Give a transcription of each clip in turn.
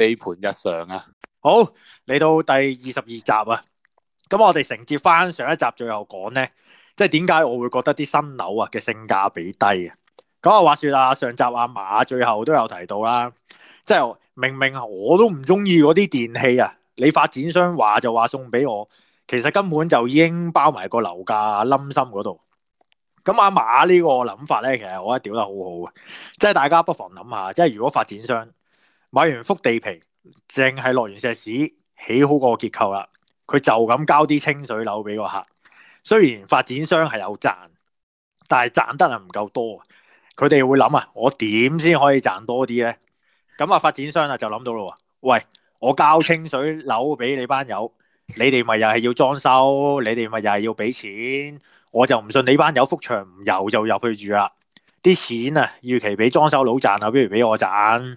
地盤日常啊，好，嚟到第二十二集啊，咁我哋承接翻上一集最後講咧，即係點解我會覺得啲新樓啊嘅性價比低啊？咁啊話説啦，上集阿馬最後都有提到啦，即係明明我都唔中意嗰啲電器啊，你發展商話就話送俾我，其實根本就已經包埋個樓價冧心嗰度。咁阿馬呢個諗法咧，其實我覺得屌得好好啊，即係大家不妨諗下，即係如果發展商。買完幅地皮，淨係落完石屎，起好個結構啦。佢就咁交啲清水樓俾個客。雖然發展商係有賺，但係賺得係唔夠多。佢哋會諗啊，我點先可以賺多啲咧？咁啊，發展商啊就諗到啦。喂，我交清水樓俾你班友，你哋咪又係要裝修，你哋咪又係要俾錢，我就唔信你班友幅牆唔油就入去住啦。啲錢啊，預期俾裝修佬賺啊，不如俾我賺。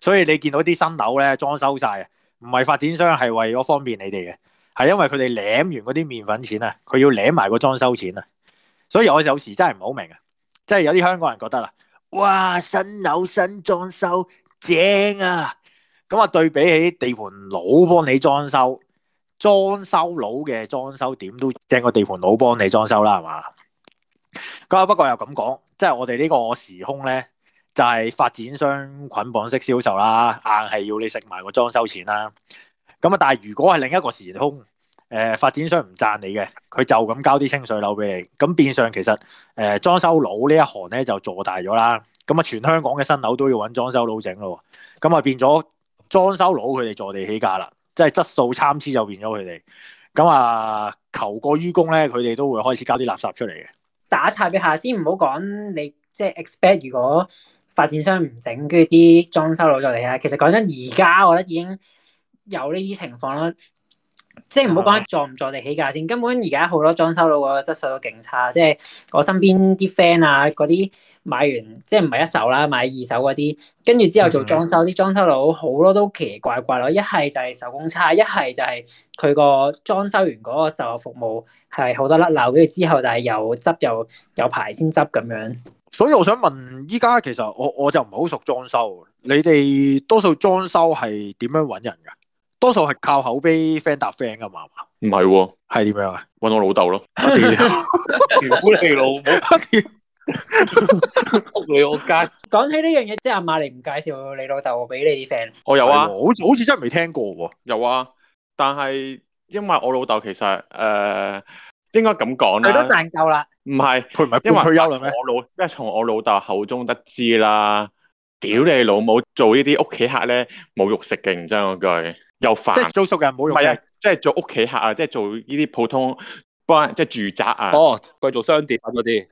所以你見到啲新樓咧，裝修晒，唔係發展商係為咗方便你哋嘅，係因為佢哋攂完嗰啲麵粉錢啊，佢要攂埋個裝修錢啊。所以我有時真係唔好明啊，即係有啲香港人覺得啊，哇，新樓新裝修正啊，咁啊對比起地盤佬幫你裝修，裝修佬嘅裝修點都正過地盤佬幫你裝修啦，係嘛？咁啊，不過又咁講，即係我哋呢個時空咧。就係發展商捆綁式銷售啦，硬係要你食埋個裝修錢啦。咁啊，但係如果係另一個時空，誒、呃、發展商唔賺你嘅，佢就咁交啲清水樓俾你，咁變相其實誒、呃、裝修佬呢一行咧就做大咗啦。咁啊，全香港嘅新樓都要揾裝修佬整咯。咁啊，變咗裝修佬佢哋坐地起價啦，即係質素參差就變咗佢哋。咁啊，求過於功咧，佢哋都會開始交啲垃圾出嚟嘅。打岔一下先，唔好講你即係 expect 如果。發展商唔整，跟住啲裝修佬就嚟。啊。其實講真，而家我覺得已經有呢啲情況啦。即係唔好講坐唔坐地起價先，根本而家好多裝修佬個質素都勁差。即係我身邊啲 friend 啊，嗰啲買完即係唔係一手啦，買二手嗰啲，跟住之後做裝修，嗯、啲裝修佬好多都奇奇怪怪咯。一係就係手工差，一係就係佢個裝修完嗰個售後服務係好多甩漏，跟住之後就係又執又有排先執咁樣。所以我想問現在，依家其實我我就唔係好熟裝修，你哋多數裝修係點樣揾人噶？多數係靠口碑，friend 搭 friend 噶嘛？唔係，係點樣啊？揾我老豆咯。屌你老母！屋你我街。講起呢樣嘢，即係阿馬尼唔介紹你老豆俾你啲 friend。我有啊，是啊好似好似真係未聽過喎、啊。有啊，但係因為我老豆其實誒。呃應該咁講啦，佢都賺夠啦。唔係，佢唔係因為退休啦咩？我老，因為從我老豆口中得知啦。屌你老母做，做呢啲屋企客咧，冇肉食嘅，講真嗰句又煩。即係做熟人冇肉食，唔係啊！即係做屋企客啊！即係做呢啲普通幫，即係住宅啊。哦，佢做商店嗰啲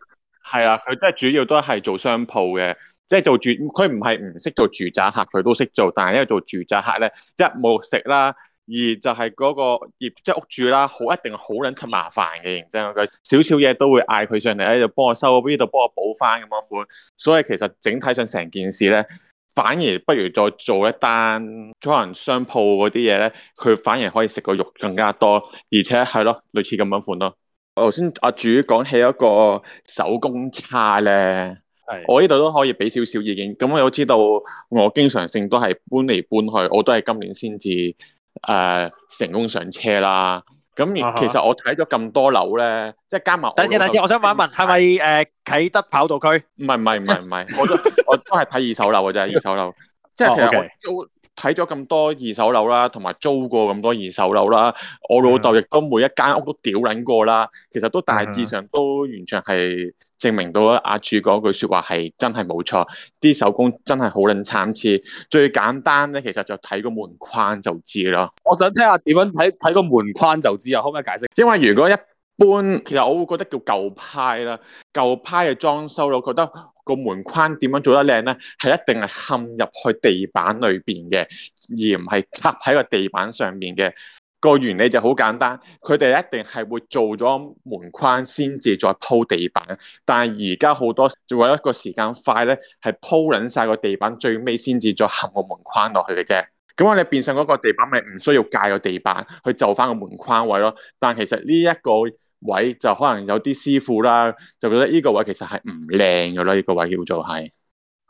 係啊，佢即係主要都係做商鋪嘅，即係做住。佢唔係唔識做住宅客，佢都識做，但係因為做住宅客咧，一冇肉食啦。而就係嗰個業即係屋主啦，好一定好撚出麻煩嘅認真，佢少少嘢都會嗌佢上嚟咧，就幫我收，呢度幫我補翻咁樣款。所以其實整體上成件事咧，反而不如再做一單租人商鋪嗰啲嘢咧，佢反而可以食個肉更加多，而且係咯，類似咁樣款咯。頭先的阿主講起一個手工差咧，的我呢度都可以俾少少意見。咁我都知道，我經常性都係搬嚟搬去，我都係今年先至，誒、呃，成功上車啦！咁其實我睇咗咁多樓咧，啊、哈即係加埋。等先，等先，我想問一問，係咪誒啟德跑道區？唔係唔係唔係唔係，我都我都係睇二手樓嘅啫，二手樓。 即係其實睇咗咁多二手樓啦，同埋租過咁多二手樓啦，我老豆亦都每一間屋都屌撚過啦。其實都大致上都完全係證明到阿柱嗰句説話係真係冇錯，啲手工真係好撚參差。最簡單咧，其實就睇個門框就知囉。我想聽下點樣睇睇個門框就知啊？可唔可以解釋？因為如果一般，其實我會覺得叫舊派啦，舊派嘅裝修，我覺得個門框點樣做得靚咧，係一定係嵌入去地板裏邊嘅，而唔係插喺個地板上面嘅。個原理就好簡單，佢哋一定係會做咗門框先至再鋪地板，但係而家好多為一個時間快咧，係鋪撚晒個地板，最尾先至再嵌個門框落去嘅啫。咁我哋變相嗰個地板咪唔需要介個地板去就翻個門框位咯，但其實呢、這、一個。位就可能有啲師傅啦，就覺得呢個位其實係唔靚嘅啦，呢、呢個位叫做係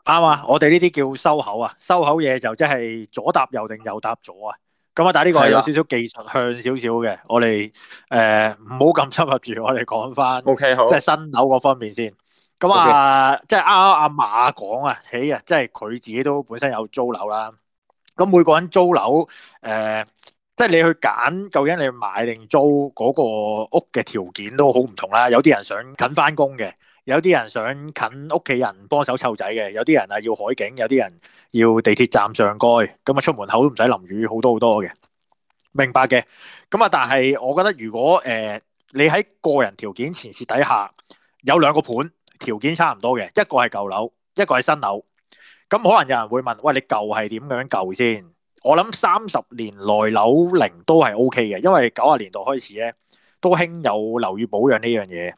啱啊！我哋呢啲叫收口啊，收口嘢就即係左搭右定右搭左啊！咁啊，但係呢個係有少少技術向少少嘅是的、呃，我哋誒唔好咁深入住，我哋講翻，O K，好，即係新樓嗰方面先。咁、嗯、Okay. 啊，即係啱啱阿馬講啊，起啊，即係佢自己都本身有租樓啦。咁每個人租樓誒。呃即係你去揀，究竟你買定租嗰個屋嘅條件都好唔同啦。有啲人想近返工嘅，有啲人想近屋企人幫手湊仔嘅，有啲人係要海景，有啲人要地鐵站上蓋，咁啊出門口都唔使淋雨好多好多嘅。明白嘅，咁啊但係我覺得如果、呃、你喺個人條件前設底下有兩個盤條件差唔多嘅，一個係舊樓，一個係新樓，咁可能有人會問：喂，你舊係點樣舊先？我諗三十年內樓齡都係 O K 嘅，因為九十年代開始咧都興有樓宇保養呢樣嘢，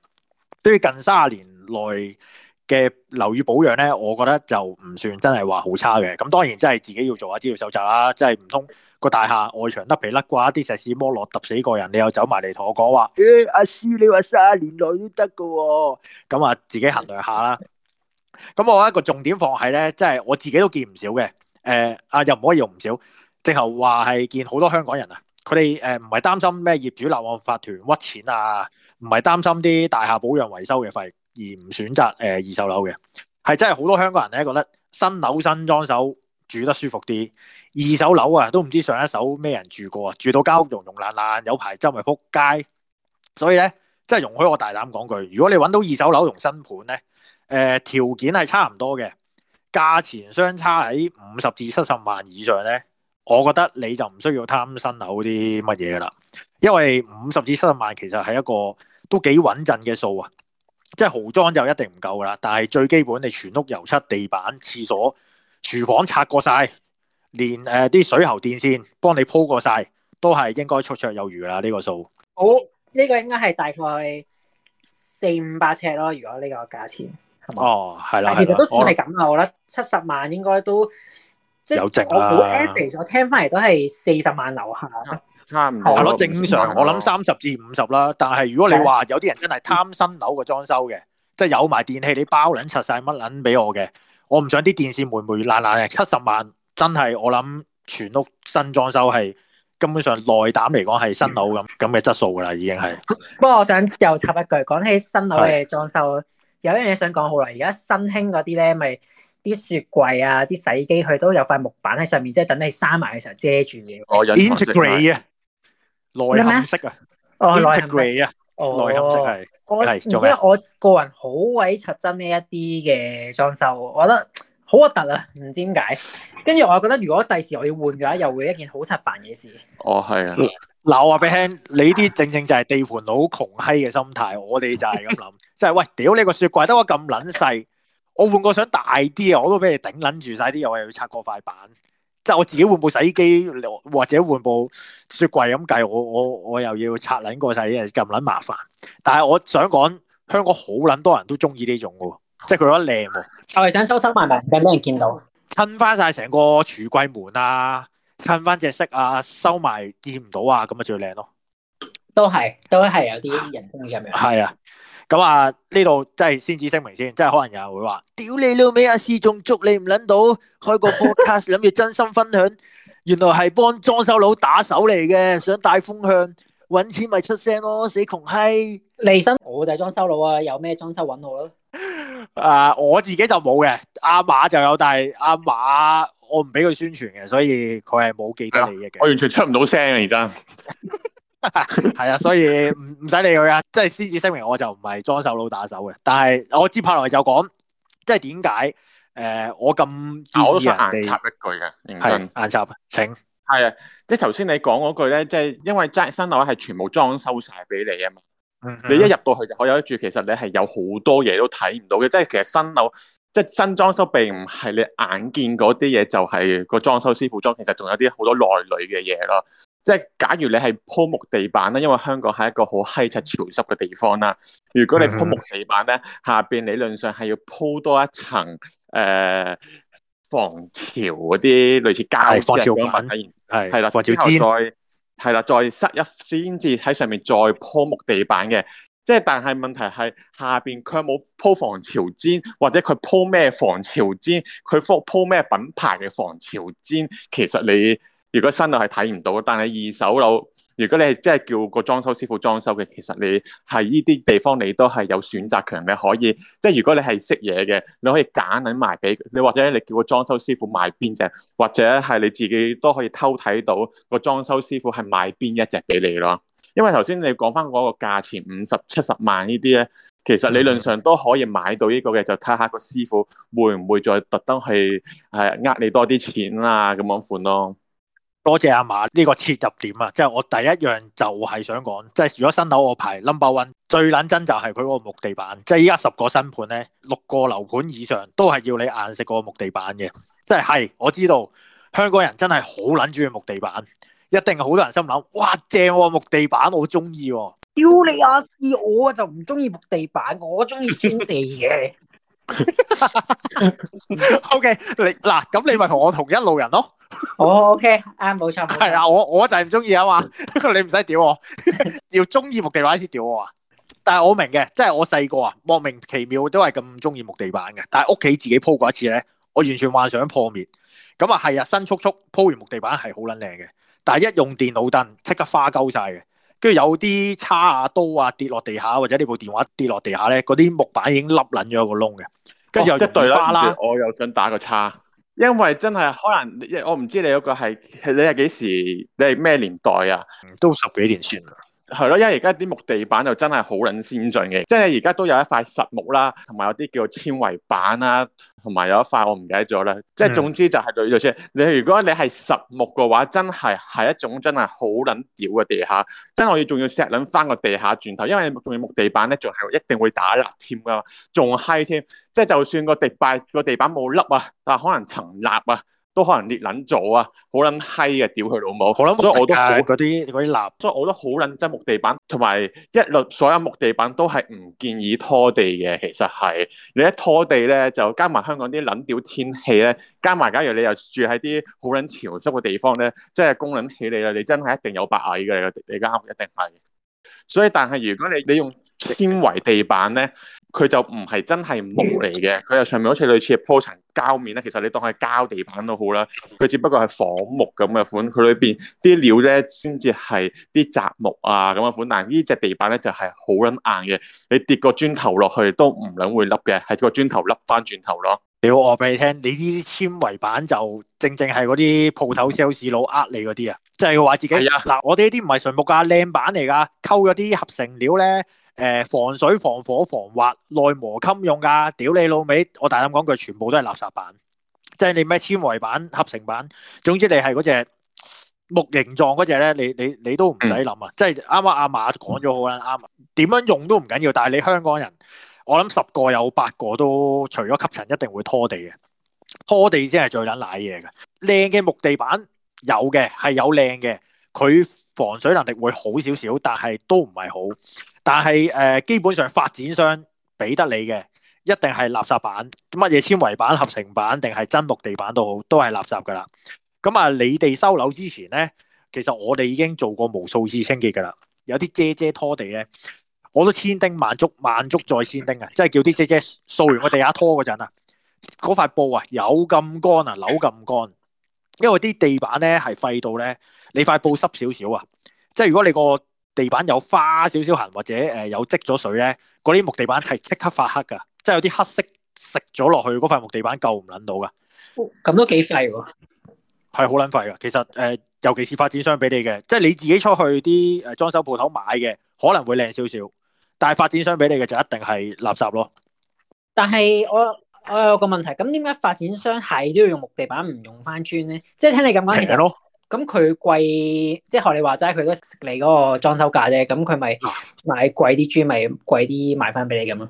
對於近三十年內嘅樓宇保養咧，我覺得就唔算真係話好差嘅。咁當然真係自己要做下資料搜集啦，即係唔通個大廈外牆甩皮甩掛，啲石屎剝落揼死個人，你又走埋嚟同我講話，誒、欸，阿師你話卅年內都得㗎，哦？咁啊，自己衡量下啦。咁我一個重點放喺咧，即、就、係、是、我自己都見唔少嘅。誒，阿、呃、又唔可以用唔少，即係話係見好多香港人啊，佢哋誒唔係擔心咩業主立案法團屈錢啊，唔係擔心啲大廈保養維修嘅費而唔選擇誒、呃、二手樓嘅，係真係好多香港人咧覺得新樓新裝修住得舒服啲，二手樓啊都唔知上一手咩人住過啊，住到間屋融融爛爛，有排執咪仆街，所以咧真係容許我大膽講句，如果你揾到二手樓同新盤咧，誒、呃、條件係差唔多嘅，價錢相差喺五十至七十萬以上咧，我覺得你就唔需要貪新樓啲乜嘢噶啦，因為五十至七十萬其實係一個都幾穩陣嘅數啊，即係豪裝就一定唔夠啦，但係最基本你全屋油漆、地板、廁所、廚房拆過晒，連誒啲、呃、水喉電線幫你鋪過晒，都係應該綽綽有餘啦呢個數。好、哦，呢、呢個應該係大概四五百尺咯，如果呢個價錢。哦，係啦，其實都算係咁啦，我覺得七十萬應該都即係有剩我估，我聽翻嚟都係四十萬樓下，差唔多係咯。正常我諗三十至五十啦，但係如果你話有啲人真係貪新樓嘅裝修嘅，嗯、即係有埋電器，你包捻拆晒乜捻俾我嘅，我唔想啲電視霉霉爛爛嘅。七十萬真係我諗全屋新裝修係根本上內膽嚟講係新樓咁咁嘅質素噶啦，已經係。不過我想又插一句，講起新樓嘅裝修。有一樣嘢想講好啦，而家新興嗰啲咧，咪啲雪櫃啊、啲洗衣機，佢都有塊木板喺上面，即係等你閂埋嘅時候遮住嘅。哦，integrate 啊，內含式啊，oh，integrate 啊，內含式係。我唔知因為我個人好鬼執真呢一啲嘅裝修，我覺得。好核突啊！唔知點解，跟住我又覺得如果第時我要換嘅話，又會一件好拆板嘅事。哦，係啊，嗱 我話俾你聽，你啲正正就係地盤佬窮閪嘅心態。我哋就係咁諗，即係、 就係、喂，屌你個雪櫃得我咁撚細，我換個想大啲啊，我都俾你頂撚住晒啲，我又要拆過塊板。即、就、係、係、我自己換部洗衣機，或者換部雪櫃咁計，我我我又要拆撚過晒啲，咁撚麻煩。但係我想講，香港好撚多人都中意呢種嘅喎。即係佢覺得靚，就係想收收埋埋，唔想俾人見到，襯翻晒成個儲櫃門啊，襯翻隻色啊，收埋見唔到啊，咁啊最靚咯。都係，都係有啲人工嘅咁樣。係啊，咁啊呢度真係先至聲明先，即係可能有人會話：，屌你老味，阿施仲捉你唔捻到，開個 podcast 諗住真心分享，原來係幫裝修佬打手嚟嘅，想帶風向，搵錢咪出聲咯，死窮閪。離身，我就係裝修佬啊，有咩裝修揾我咯。誒、呃，我自己就冇嘅，阿馬就有，但係阿馬我唔俾佢宣傳嘅，所以佢係冇記得你嘅、啊。你的我完全出唔到聲啊，而家係啊，所以唔唔使理佢啊。即係先旨聲明，我就唔係裝修佬打手嘅。但係我知拍落嚟，就講，即係點解誒我咁專業地？我，、啊、我想硬插一句嘅，認真硬插，硬插請係啊，即係頭先你講嗰句咧，即係因為真新樓係全部裝修晒俾你啊嘛。你一入到去就可以有得住，其實你係有好多嘢都睇唔到嘅，即係其實新樓即係新裝修並唔係你眼見嗰啲嘢就係、是、個裝修師傅裝，其實仲有啲好多內裏嘅嘢咯。即係假如你係鋪木地板咧，因為香港係一個好嘿柒潮濕嘅地方啦。如果你鋪木地板咧，下邊理論上係要鋪多一層誒防潮嗰啲類似膠、防潮品，係係啦或者氈。係啦，再塞一先至喺上面再鋪木地板嘅，即係但係問題係下邊佢冇鋪防潮氈，或者佢鋪咩防潮氈，佢鋪鋪咩品牌嘅防潮氈，其實你如果新樓係睇唔到，但係二手樓。如果你係真係叫個裝修師傅裝修嘅，其實你係呢啲地方你都係有選擇權嘅，可以即係如果你係識嘢嘅，你可以揀緊賣俾你，你你或者你叫個裝修師傅買邊隻，或者係你自己都可以偷睇到個裝修師傅係買邊一隻俾你咯。因為頭先你講翻嗰個價錢五十七十萬呢啲咧，其實理論上都可以買到呢個嘅，就睇下個師傅會唔會再特登去係呃你多啲錢啊咁樣款咯。多謝阿嫲，呢、這個切入點啊，即係我第一樣就係想講，即係如果新樓我排 number one 最捻真就係佢嗰個木地板，即係依家十個新盤咧六個樓盤以上都係要你硬食個木地板嘅，即係，係我知道香港人真係好捻中意木地板，一定好多人心諗哇正喎，木地板我中意喎。屌你阿試，我就唔中意木地板，我中意磚地嘅。 o、okay, K，你嗱咁，你咪同我同一路人咯。哦，O K，啱冇錯。係啊，我我就係唔中意啊嘛。 你唔使屌我， 要中意木地板先屌我啊。但係我明嘅，即係我細個啊，莫名其妙都係咁中意木地板嘅。但係屋企自己鋪過一次咧，我完全幻想破滅。咁啊係啊，新速速鋪完木地板係好撚靚嘅，但係一用電腦燈，即刻花鳩晒嘅。跟住有啲叉啊刀啊跌落地下，或者呢部電話跌落地下咧，嗰啲木板已經凹捻咗個窿嘅，跟住又容易花啦，哦就是。我又想打個叉，因為真係可能，我唔知你嗰個係你係幾時，你係咩年代啊？都十幾年算啦。係咯，因為而家啲木地板就真係好撚先進嘅，即係而家都有一塊實木啦，同埋有啲叫做纖維板啦，同埋有，有一塊我唔記得咗啦。即係總之就係、是、類、嗯、類似。你如果你係實木嘅話，真係係一種真係好撚屌嘅地下。真係我要仲要錫撚翻個地下轉頭，因為仲要木地板咧，仲係一定會打蠟添㗎，仲嗨添。即係就算個地拜個地板冇凹啊，但係可能層蠟啊。都可能裂卵做啊，好卵閪嘅，屌佢老母！好所以我都好啲嗰啲立，所以我都好卵真木地板，同埋一律所有木地板都係唔建議拖地嘅。其實係你一拖地咧，就加埋香港啲卵屌天氣咧，加埋假如你又住喺啲好卵潮濕嘅地方咧，即係供卵起你啦，你真係一定有白蟻嘅。你你間屋一定係。所以但係如果你你用纖維地板咧，佢就唔係真係木嚟嘅，佢又上面好似類似鋪層膠面咧。其實你當係膠地板都好啦，佢只不過係仿木咁嘅款。佢裏邊啲料咧，先至係啲雜木啊咁嘅款。但係，呢隻地板咧就係好撚硬嘅，你跌個磚頭落去都唔撚會凹嘅，係個磚頭凹翻轉頭咯。屌，我話俾你聽，你呢啲纖維板就正正係嗰啲鋪頭 sales 佬呃你嗰啲啊，即係話自己嗱、哎呀，我哋呢啲唔係純木噶，靚板嚟噶，溝咗啲合成料咧。誒，防水、防火、防滑、耐磨，啊，襟用噶？屌你老味，我大膽講句，全部都係垃圾板，即係你咩纖維板、合成板，總之你係嗰隻木形狀嗰隻咧，你你你都唔使諗啊！嗯、即係啱啱阿馬講咗好啦，啱、嗯，點樣用都唔緊要，但係你香港人，我諗十個有八個都除咗吸塵，一定會拖地嘅。拖地先係最捻瀨嘢嘅。靚嘅木地板有嘅係有靚嘅，佢防水能力會好少少，但係都唔係好。但係誒、呃，基本上發展商俾得你嘅，一定係垃圾板，乜嘢纖維板、合成板，定係真木地板都好，都係垃圾噶啦。咁啊，你哋收樓之前咧，其實我哋已經做過無數次清潔噶啦。有啲姐姐拖地咧，我都千叮萬囑，萬囑再千叮啊，即係叫啲姐姐掃完個地下拖嗰陣啊，嗰塊布啊，有咁乾啊，扭咁乾，因為啲地板咧係廢到咧，你塊布濕少少啊，即係如果你個。地板有花少少痕，或者誒有積咗水咧，嗰啲木地板係即刻發黑㗎，即係有啲黑色食咗落去嗰塊木地板夠唔撚到㗎。咁都幾廢喎，係好撚廢㗎。其實誒、呃，尤其是發展商俾你嘅，即係你自己出去啲誒裝修鋪頭買嘅，可能會靚少少，但係發展商俾你嘅就一定係垃圾咯。但係我我有個問題，咁點解發展商係都要用木地板唔用翻磚咧？即係聽你咁講嘅咁佢貴，即係學你話齋，佢都食你嗰個裝修價啫。咁佢咪買貴啲磚，咪貴啲買翻俾你咁咯。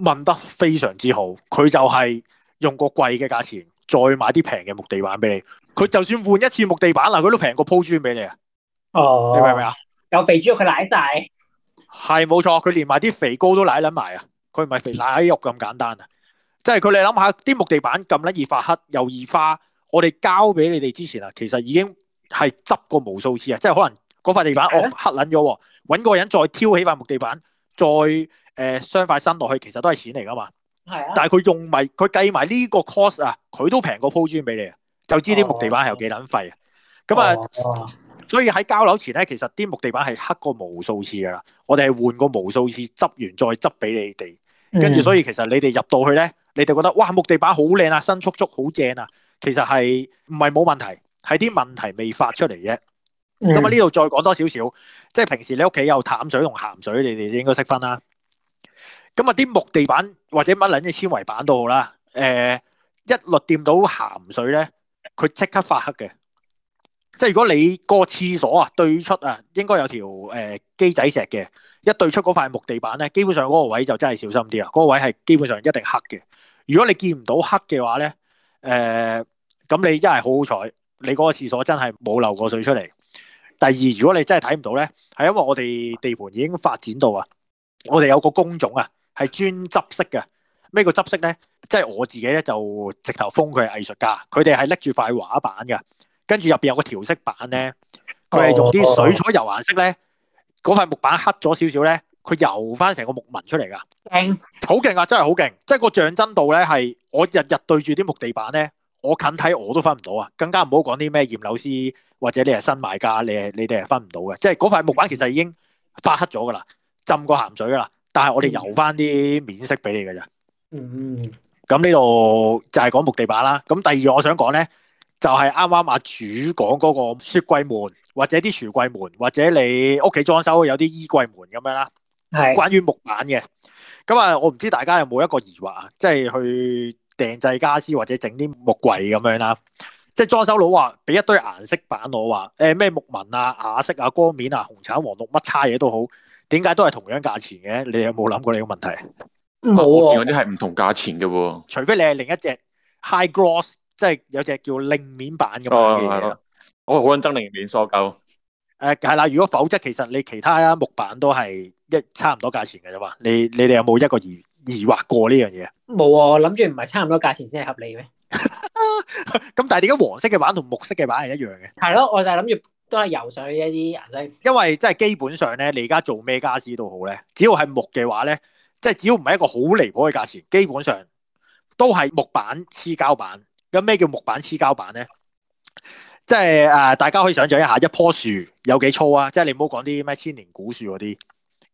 問得非常之好，佢就係用個貴嘅價錢再買啲平嘅木地板俾你。佢就算換一次木地板啊，佢都平過鋪磚俾你啊。哦，你明唔明啊？有肥豬肉，佢舐晒，係冇錯。佢連埋啲肥膏都舐甩埋啊。佢唔係肥舐肉咁簡單啊。即係佢，你諗下啲木地板咁甩易發黑又易花，我哋交俾你哋之前啊，其實已經。係執過無數次啊，即係可能嗰塊地板我黑捻咗，揾個人再挑起塊木地板，再誒雙塊新落去，其實都係錢嚟。噶嘛？係啊。但係佢用埋，佢計埋呢個 cost 啊，佢都平過鋪磚俾你啊，就知啲木地板係有幾捻廢啊。咁啊，所以喺交樓前咧，其實啲木地板係黑過無數次噶啦。我哋係換過無數次，執完再執俾你哋，跟住所以其實你哋入到去咧，你就覺得哇，木地板好靚啊，新簇簇好正啊，其實係唔係冇問題。係啲問題未發出嚟啫。咁啊，呢度再講多少少，即係平時你屋企有淡水同鹹水，你哋應該識分啦。咁啊，啲木地板或者乜撚嘢纖維板都好啦，誒、呃、一律掂到鹹水咧，佢即刻發黑嘅。即係如果你個廁所啊對出啊，應該有條誒、呃、機仔石嘅，一對出嗰塊木地板咧，基本上嗰個位就真係小心啲啊。嗰、嗰個位係基本上一定黑嘅。如果你見唔到黑嘅話咧，誒、呃、咁你一係好好彩，你嗰個廁所真係冇漏過水出嚟。第二，如果你真係睇唔到咧，係因為我哋地盤已經發展到啊，我哋有個工種啊，係專執色嘅。咩叫執色咧？即係我自己咧就直頭封佢係藝術家。佢哋係拎住塊畫板嘅，跟住入邊有個調色板咧，佢係用啲水彩油顏色咧，嗰塊木板黑咗少少咧，佢油翻成個木紋出嚟㗎。勁好勁啊！真係好勁，即係個象真度咧係我日日對住啲木地板咧。我近睇我都分唔到啊，更加唔好講啲咩驗樓師或者你係新買家，你係你哋係分唔到嘅。即係嗰塊木板其實已經發黑咗噶啦，浸過鹹水噶啦。但係我哋油翻啲免色俾你嘅啫。嗯，咁呢度就係講木地板啦。咁第二我想講咧，就係啱啱阿主講嗰個雪櫃門或者啲櫥櫃門或者你屋企裝修有啲衣櫃門咁樣啦。係是關於木板嘅。咁啊，我唔知大家有冇一個疑惑啊，即係去。定製家私或者整啲木櫃咁樣啦，即係裝修佬話俾一堆顏色板我話，誒、欸、咩木紋啊、啞色啊、光面啊、紅橙黃綠乜叉嘢都好，點解都係同樣價錢嘅？你有冇諗過呢個問題？冇、啊，我見嗰啲係唔同價錢嘅喎、啊。除非你係另一隻 High Gloss，即係有隻叫令面板咁樣嘅嘢。哦，係咯，我好憎令面塑膠。誒、呃，係啦，如果否則其實你其他啊木板都係一差唔多價錢嘅啫嘛。你你哋有冇一個意？疑惑過呢樣嘢？冇啊！我諗住唔係差唔多價錢先係合理咩？咁 但係點解黃色嘅板同木色嘅板係一樣嘅？係咯、哦，我就係諗住都係游上一水一啲顏色。因為即係基本上咧，你而家做咩家私都好咧，只要係木嘅話咧，即係只要唔係一個好離譜嘅價錢，基本上都係木板黐膠板。咁咩叫木板黐膠板咧？即係呃、大家可以想象一下，一棵樹有幾粗啊？即係你唔好講啲咩千年古樹嗰啲。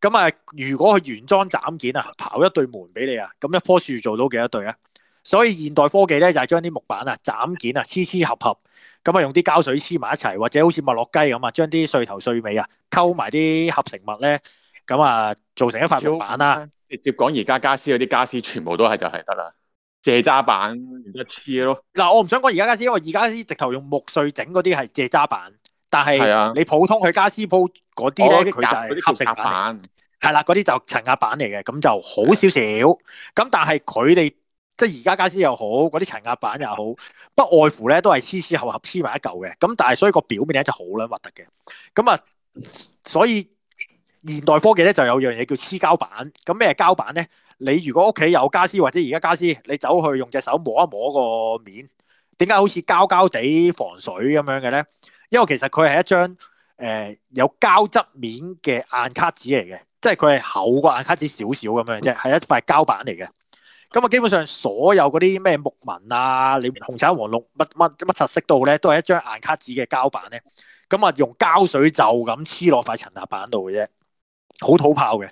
咁啊！如果佢原裝斬件啊，刨一對門俾你啊，咁一棵樹做到幾多對啊？所以現代科技咧就係將啲木板啊、斬件啊、黐黐合合，咁啊用啲膠水黐埋一齊，或者好似麥樂雞咁啊，將啲碎頭碎尾啊，溝埋啲合成物咧，咁啊做成一塊木板啦。直接講而家家私嗰啲家私全部都係就係得啦，蔗渣板然之後黐咯。嗱，我唔想講而家家私，因為而家傢俬直頭用木碎整嗰啲係蔗渣板。但係你普通去家私鋪嗰啲咧，佢、哦、就係合成板，係啦，嗰啲就層壓板嚟嘅，咁就好少少。咁的但係佢哋即係而家家私又好，嗰啲層壓板又好，不外乎咧都係黐黐合合黐埋一嚿嘅。咁但係所以個表面咧就好撚核突嘅。咁啊，所以現代科技咧就有樣嘢叫黐膠板。咁咩膠板咧？你如果屋企有家私或者而家家私，你走去用隻手摸一摸個面，點解好似膠膠地防水咁樣嘅咧？因為其實佢係一張誒、呃、有膠質面嘅硬卡紙嚟嘅，即係佢係厚過硬卡紙少少咁樣啫，係一塊膠板嚟嘅。咁啊，基本上所有嗰啲咩木紋啊、你紅橙黃綠乜乜乜七色都好咧，都係一張硬卡紙嘅膠板咧。咁、嗯、啊，嗯、用膠水就咁黐落塊層壓板度嘅啫，好土炮嘅。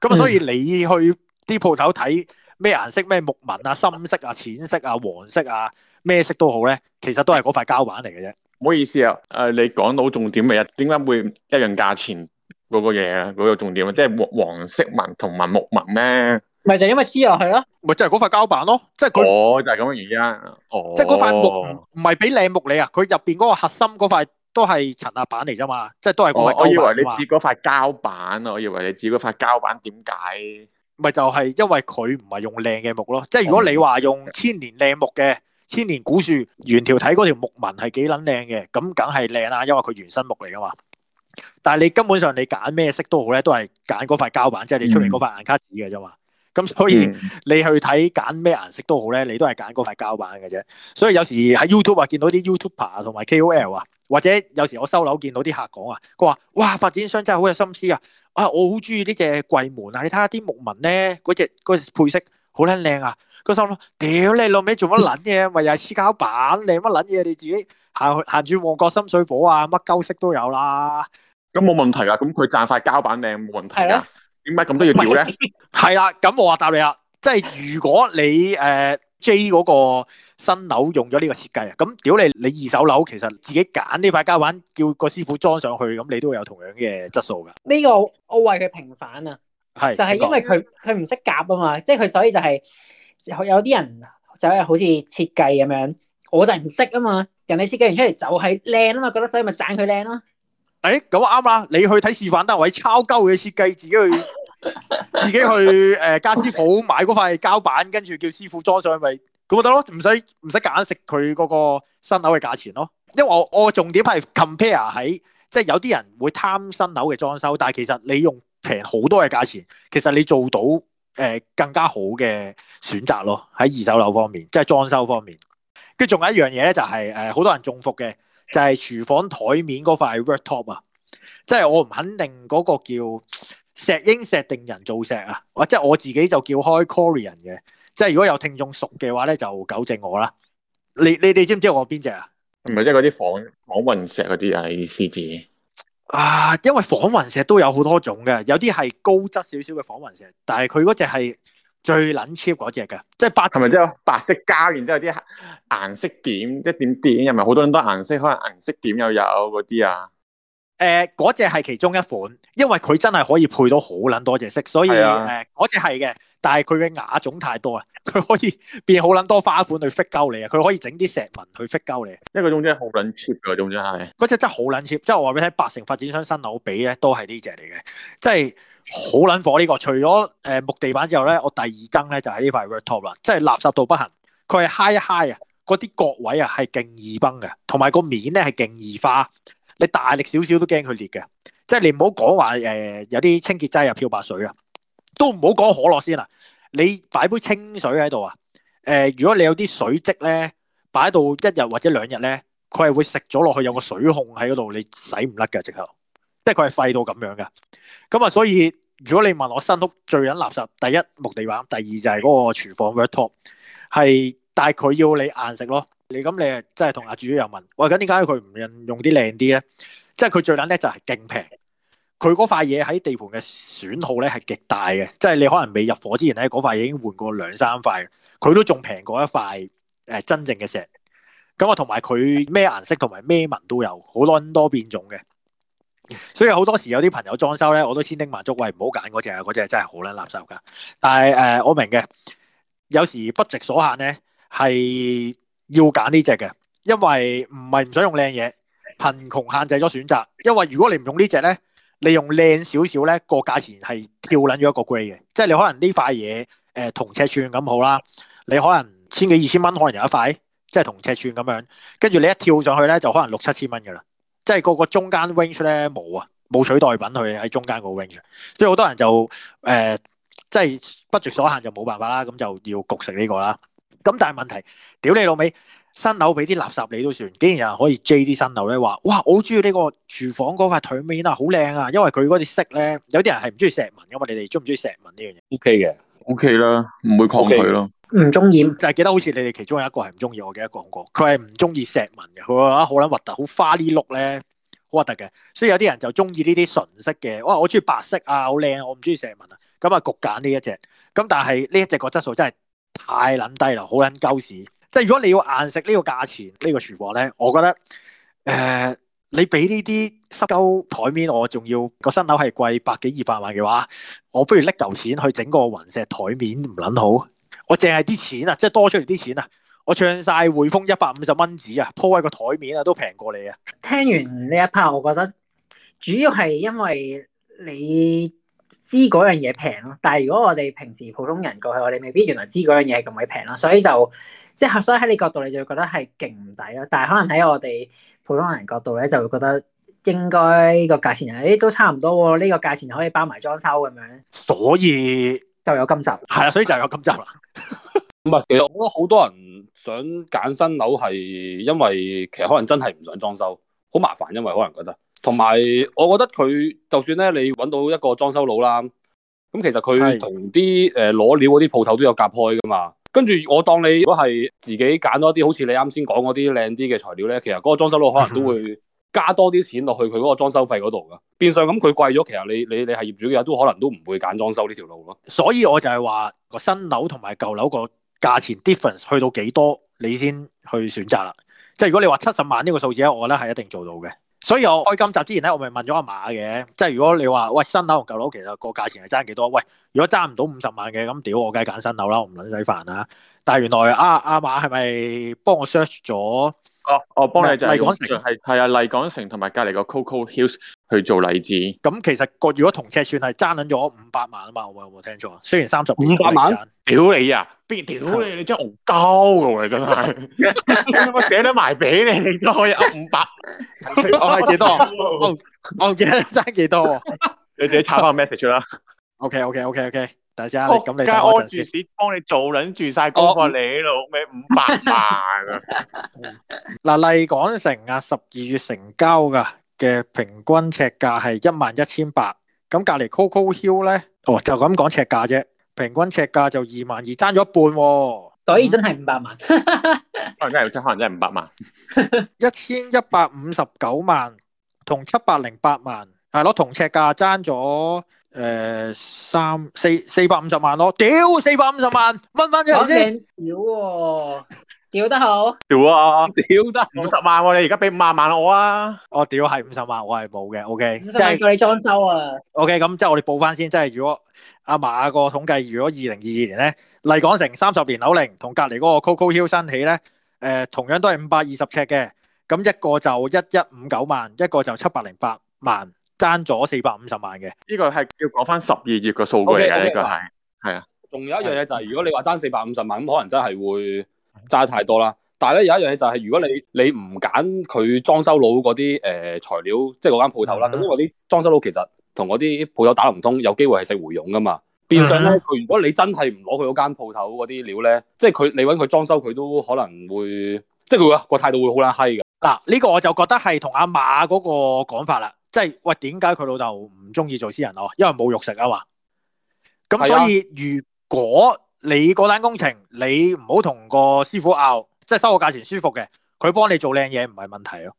咁啊，所以你去啲鋪頭睇咩顏色、咩木紋啊、深色啊、淺色啊、黃色啊、咩色都好咧，其實都係嗰塊膠板嚟嘅啫。唔好意思啊，誒，你講到重點嘅呀？點解會一樣價錢嗰個嘢啊？嗰個重點啊，即係黃黃色紋同埋木紋咧。咪就係因為黐落去咯。咪就係嗰塊膠板咯，即係佢。哦，就係咁嘅原因。哦，即係嗰塊木唔係俾靚木你啊？佢入邊嗰個核心嗰塊都係陳木板嚟啫嘛，即係都係嗰塊膠板啊嘛。我以為你指嗰塊膠板，我以為你指嗰塊膠板點解？咪就係因為佢唔係用靚嘅木咯，即係如果你話用千年靚木嘅。千年古樹原條睇嗰條木紋係幾捻靚嘅，咁梗係靚啦，因為佢原生木嚟噶嘛。但係你根本上你揀咩色都好咧，都係揀嗰塊膠板，即係你出嚟嗰塊硬卡紙嘅啫嘛。咁所以你去睇揀咩顏色都好咧，你都係揀嗰塊膠板嘅啫。所以有時喺 YouTube 啊見到啲 YouTuber 啊同埋 KOL 啊，或者有時我收樓見到啲客講啊，佢話哇發展商真係好有心思啊，啊我好中意呢隻櫃門啊，你睇下啲木紋咧，嗰隻嗰隻配色。好卵靚啊！個心諗：屌你老味、啊，做乜卵嘢？咪又係黐膠板，靚乜卵嘢？你自己行行轉旺角深水埗啊，乜鳩式都有啦、啊。咁冇問題啊？咁佢賺塊膠板靚冇問題啊？點解咁都要屌咧？係啦， 咁我話答你啦，即係如果你誒、呃、J 嗰個新樓用咗呢個設計啊，咁屌你你二手樓，其實自己揀呢塊膠板，叫個師傅裝上去，咁你都會有同樣嘅質素噶。呢、這個我為佢平反啊！係就係因為佢佢唔識夾啊嘛，即係佢所以就係、有、有啲人就係好似設計咁樣，我就唔識啊嘛。人哋設計完出嚟就係靚啊嘛，覺得所以咪讚佢靚咯。誒、欸，咁啱啦，你去睇示範單位抄鳩嘅設計，自己去 自己去誒家私鋪買嗰塊膠板，跟住叫師傅裝上去咪咁咪得咯，唔使唔使夾硬食佢嗰個新樓嘅價錢咯。因為我我重點係 compare 喺即係有啲人會貪新樓嘅裝修，但係其實你用。平好多嘅價錢，其實你做到誒、呃、更加好嘅選擇咯，喺二手樓方面，即係裝修方面。跟住仲有一樣嘢咧，就係誒好多人中伏嘅，就係廚房台面嗰塊 worktop 啊，即係我唔肯定嗰個叫石英石定人造石啊，即係我自己就叫開 corian 嘅，即係如果有聽眾熟嘅話咧，就糾正我啦。你你你知唔知道我邊隻啊？唔係即係嗰啲仿仿雲石嗰啲啊，意思指。啊，因為仿雲石都有好多種嘅，有啲係高質少少嘅仿雲石，但係佢嗰隻係最捻 cheap 嗰隻嘅，即係白係咪即係白色膠，然之後有啲顏色點一點點，又咪好多人都顏色，可能銀色點又有嗰啲啊。誒嗰隻係其中一款，因為佢真係可以配到好撚多隻色，所以誒嗰隻係嘅。但係佢嘅瓦種太多啊，佢可以變好撚多花款去 fit 鳩你啊，佢可以整啲石紋去 fit 鳩你。呢個種真係好撚 cheap 嘅，真係。嗰隻真係好撚 cheap，即係我話俾你睇，八成發展商新樓比咧都係呢隻嚟嘅，即係好撚火呢個。除咗誒、呃、木地板之後咧，我第二憎咧就喺、是、呢塊 worktop 啦，即係垃圾到不行。佢係 high 一 high 啊，嗰啲角位啊係勁易崩嘅，同埋個面咧係勁易花。你大力少少都驚佢裂嘅，即係你唔好講話誒有啲清潔劑入漂白水啊，都唔好講可樂先啦。你擺杯清水喺度啊，誒、呃、如果你有啲水漬咧，擺到一日或者兩日咧，佢係會食咗落去有個水控喺嗰度，你洗唔甩嘅直頭，即係佢係廢到咁樣嘅。咁啊，所以如果你問我新屋最緊垃圾，第一，木地板，第二就係嗰個廚房 worktop，係但係佢要你硬食咯。你咁你誒，真係同阿主又問，喂，咁點解佢唔用用啲靚啲咧？即係佢最撚叻就係勁平，佢嗰塊嘢喺地盤嘅損耗咧係極大嘅。即係你可能未入伙之前咧，嗰塊已經換過兩三塊，佢都仲平過一塊誒真正嘅石。咁啊，同埋佢咩顏色同埋咩紋都有好多多變種嘅，所以好多時有啲朋友裝修咧，我都千叮萬囑喂，唔好揀嗰隻啊，嗰隻真係好撚垃圾㗎。但係誒、呃，我明嘅，有時不值所賀咧，係。要揀呢隻嘅，因為唔係唔想用靚嘢，貧窮限制咗選擇。因為如果你唔用呢隻咧，你用靚少少咧，個價錢係跳撚咗一個 grade 嘅，即係你可能呢塊嘢、呃、同尺寸咁好啦，你可能千幾二千蚊可能有一塊，即係同尺寸咁樣，跟住你一跳上去咧就可能六七千蚊㗎喇，即係個個中間 range 咧冇啊，冇取代品去喺中間個 range，所以好多人就、呃、即係 budget 所限就冇辦法啦，咁就要焗食呢個啦。咁但係問題，屌你老味，新樓俾啲垃圾你都算，竟然有人可以追啲新樓咧話，哇，我好中意呢個廚房嗰塊台面啊，好靚啊，因為佢嗰啲色咧，有啲人係唔中意石紋噶嘛，你哋中唔中意石紋呢樣嘢？O K 嘅，O K 啦，唔會抗拒咯。唔中意就係記得好似你哋其中有一個係唔中意我記得講過，佢係唔中意石紋嘅，佢話好撚核突，好花呢碌咧，好核突嘅，所以有啲人就中意呢啲純色嘅，哇，我中意白色啊，好靚啊，我唔中意石紋啊，咁啊，焗揀呢一隻，咁但係呢一隻個質素真係～太捻低啦，好捻鳩屎！即係如果你要硬食，這個，呢個價錢呢個廚房咧，我覺得誒、呃，你俾呢啲濕鳩台面，我仲要個新樓係貴百幾二百萬嘅話，我不如搦嚿錢去整個雲石台面，唔捻好？我淨係啲錢啊，即係多出嚟啲錢啊！我唱晒匯豐一百五十蚊紙啊，鋪開個台面啊，都平過你啊！聽完呢一 part，我覺得主要係因為你。知嗰樣嘢平咯，但係如果我哋平時普通人過去，我哋未必原來知嗰樣嘢係咁鬼平咯，所以就即係，所以喺你角度你就會覺得係勁唔抵咯。但係可能喺我哋普通人角度咧，就會覺得應該個價錢誒、哎、都差唔多喎，呢個價錢可以包埋裝修咁樣。所以就有今集，係啊，所以就有今集啦。唔係，其實我覺得好多人想揀新樓係因為其實可能真係唔想裝修，好麻煩，因為可能覺得。同埋，我覺得佢就算咧，你揾到一個裝修佬啦，咁其實佢同啲誒攞料嗰啲鋪頭都有隔開噶嘛。跟住我當你如果係自己揀多啲，好似你啱先講嗰啲靚啲嘅材料咧，其實嗰個裝修佬可能都會加多啲錢落去佢嗰個裝修費嗰度噶。變相咁佢貴咗，其實你你你係業主嘅都可能都唔會揀裝修呢條路咯。所以我就係話個新樓同埋舊樓個價錢 difference 去到幾多，你先去選擇啦。即係如果你話七十萬呢個數字咧，我覺得係一定做到嘅。所以我開今集之前咧，我咪問咗阿馬嘅，即係如果你話喂新樓同舊樓其實個價錢係爭幾多？喂，如果爭唔到五十萬嘅，咁屌我梗係揀新樓啦，我唔撚使煩啦。但係原來阿、啊、阿馬係咪幫我 search 咗？哦，我幫你就係、是、係啊，麗港城同埋隔籬個 Coco Hills 去做例子。咁其實個如果同尺算係爭緊咗五百萬啊嘛，我有冇聽錯啊？雖然三十年，五百萬，屌你是啊！邊，屌的你你真係好鳩噶喎，真係 我寫得埋俾你，都可以呃五百，我係幾多？我我唔記得爭幾多？你自己查翻個 message 啦。OK，OK，OK，OK。大隻壓力咁你，我住住幫你做捻住晒嗰個你咯，咩五百萬啊？嗱，麗港城啊，十二月成交噶嘅平均尺價係一萬一千八，咁隔籬 Coco Hill 咧，哦，就咁講尺價啫，平均尺價就二萬二，爭咗一半，所以真係五百萬，可能真係要爭，可能真係五百萬，一千一百五十九萬同七百零八萬係攞同尺價爭咗。誒，三四四百五十萬咯，屌四百五十萬，問翻佢先，屌喎，屌得好，屌啊，屌得五十萬，你而家俾五十萬我啊，我屌係五十萬，我係冇嘅，OK，五十萬夠你裝修啊，OK，咁即係我哋報翻先，即係如果阿馬個統計，如果二零二二年咧，麗港城三十年樓齡同隔籬嗰個 COCO HILL 新起咧，誒，同樣都係五百二十尺嘅，咁一個就一一五九萬，一個就七百零八萬。爭咗四百五十萬嘅，呢個係要講翻十二月嘅數據嚟嘅。呢個係係啊。仲是有一樣嘢就係、是，如果你話爭四百五十萬咁，可能真係會爭太多啦。但係咧有一樣嘢就係、是，如果你你唔揀佢裝修佬嗰啲誒材料，即係嗰間鋪頭啦。咁、嗯、因為啲裝修佬其實同嗰啲鋪友打唔通，有機會係食回傭噶嘛。變相咧，嗯、如果你真係唔攞佢嗰間鋪頭嗰啲料咧，即係佢你揾佢裝修，佢都可能會即係佢個個態度會好撚閪㗎。嗱，呢個我就覺得係同阿馬嗰個講法啦。即係喂，點解佢老豆唔中意做私人哦？因為冇肉食啊嘛。咁所以是、啊、如果你個單工程，你唔好同個師傅拗，即係收個價錢舒服嘅，佢幫你做靚嘢唔係問題咯。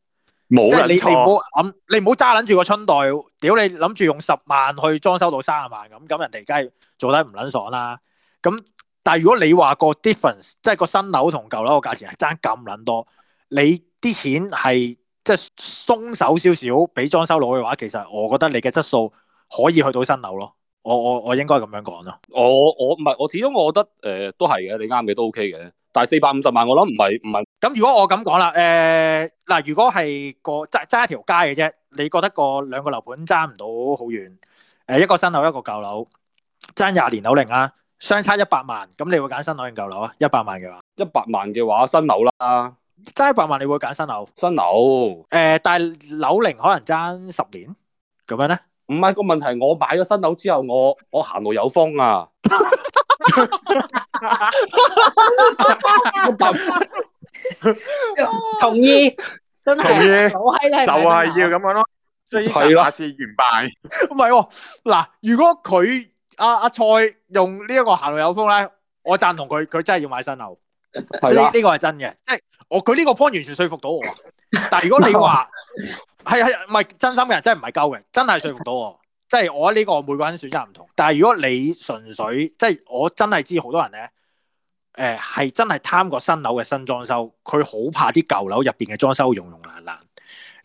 冇錯。即係你你唔好諗，你唔好揸撚住個春袋，屌你諗住用十萬去裝修到卅萬咁，咁人哋梗係做得唔撚爽啦。咁但係如果你話個 difference，即係個新樓同舊樓個價錢係爭咁撚多，你啲錢係。即係鬆手少少，俾裝修佬嘅話，其實我覺得你嘅質素可以去到新樓咯。我我我應該咁樣講咯。我我唔係我，始終我覺得誒、呃、都係嘅，你啱嘅都 OK 嘅。但係四百五十萬我不，我諗唔係唔係。咁如果我咁講啦，誒、呃、嗱，如果係個揸揸一條街嘅啫，你覺得個兩個樓盤爭唔到好遠？誒、呃，一個新樓，一個舊樓，爭廿年樓齡啦，相差一百萬，咁你會揀新樓定舊樓啊？一百萬嘅話，一百萬嘅話，新樓啦。齋百萬你會揀新樓？新樓樓誒、呃，但係樓齡可能爭十年，咁樣咧？唔係個問題，我買咗新樓之後，我我行路有風啊！同意，真係同意，就係要咁樣咯。所以下次完敗，唔係嗱， 如果佢阿阿蔡用呢一個行路有風咧，我贊同佢，佢真係要買新樓，係啦的，呢個係真嘅，即係。我佢呢個 point 完全說服到我，但係如果你話係係唔係真心嘅人真，真係唔係鳩嘅，真係説服到我。即係我呢個每個人選擇唔同。但係如果你純粹即係我真係知好多人咧，誒係真係貪過新樓嘅新裝修，佢好怕啲舊樓入邊嘅裝修融融爛爛。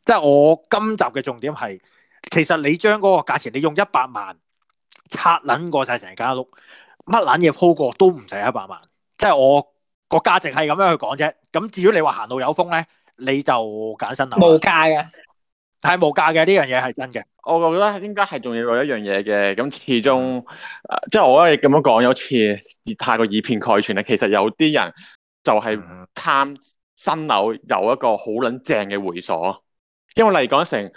即係我今集嘅重點係，其實你將嗰個價錢，你用一百萬拆撚過晒成間屋，乜撚嘢鋪過都唔使一百萬。即係我。個價值係咁樣去講啫，咁至於你話行路有風咧，你就揀新樓無價。無價嘅，係無價嘅呢樣嘢係真嘅。我覺得應該係仲要有一樣嘢嘅？咁始終，呃、即係我覺得咁樣講有次而太過以偏概全啦。其實有啲人就係貪新樓有一個好撚正嘅會所，因為麗港城。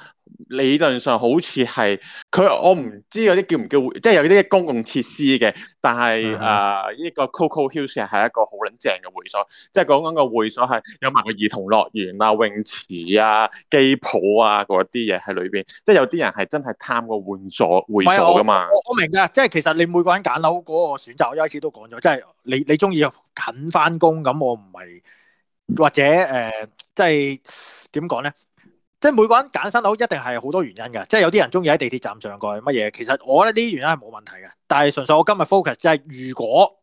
理論上好似係佢，我唔知有啲叫唔叫會，即係有啲公共設施嘅。但係誒，呢、嗯呃這個 Coco Hills 係一個好撚正嘅會所，即係講緊個會所係有埋個兒童樂園啊、泳池啊、機鋪啊嗰啲嘢喺裡邊。即係有啲人係真係貪個會所會所噶嘛我我。我明噶，即係其實你每個人揀樓嗰個選擇，我一開始都講咗，即係你你中意近翻工咁，我唔係或者誒、呃，即係點講咧？即係每個人揀新樓一定係好多原因嘅，即係有啲人中意喺地鐵站上蓋乜嘢，其實我覺得呢啲原因係冇問題嘅。但係純粹我今日 focus 就係，如果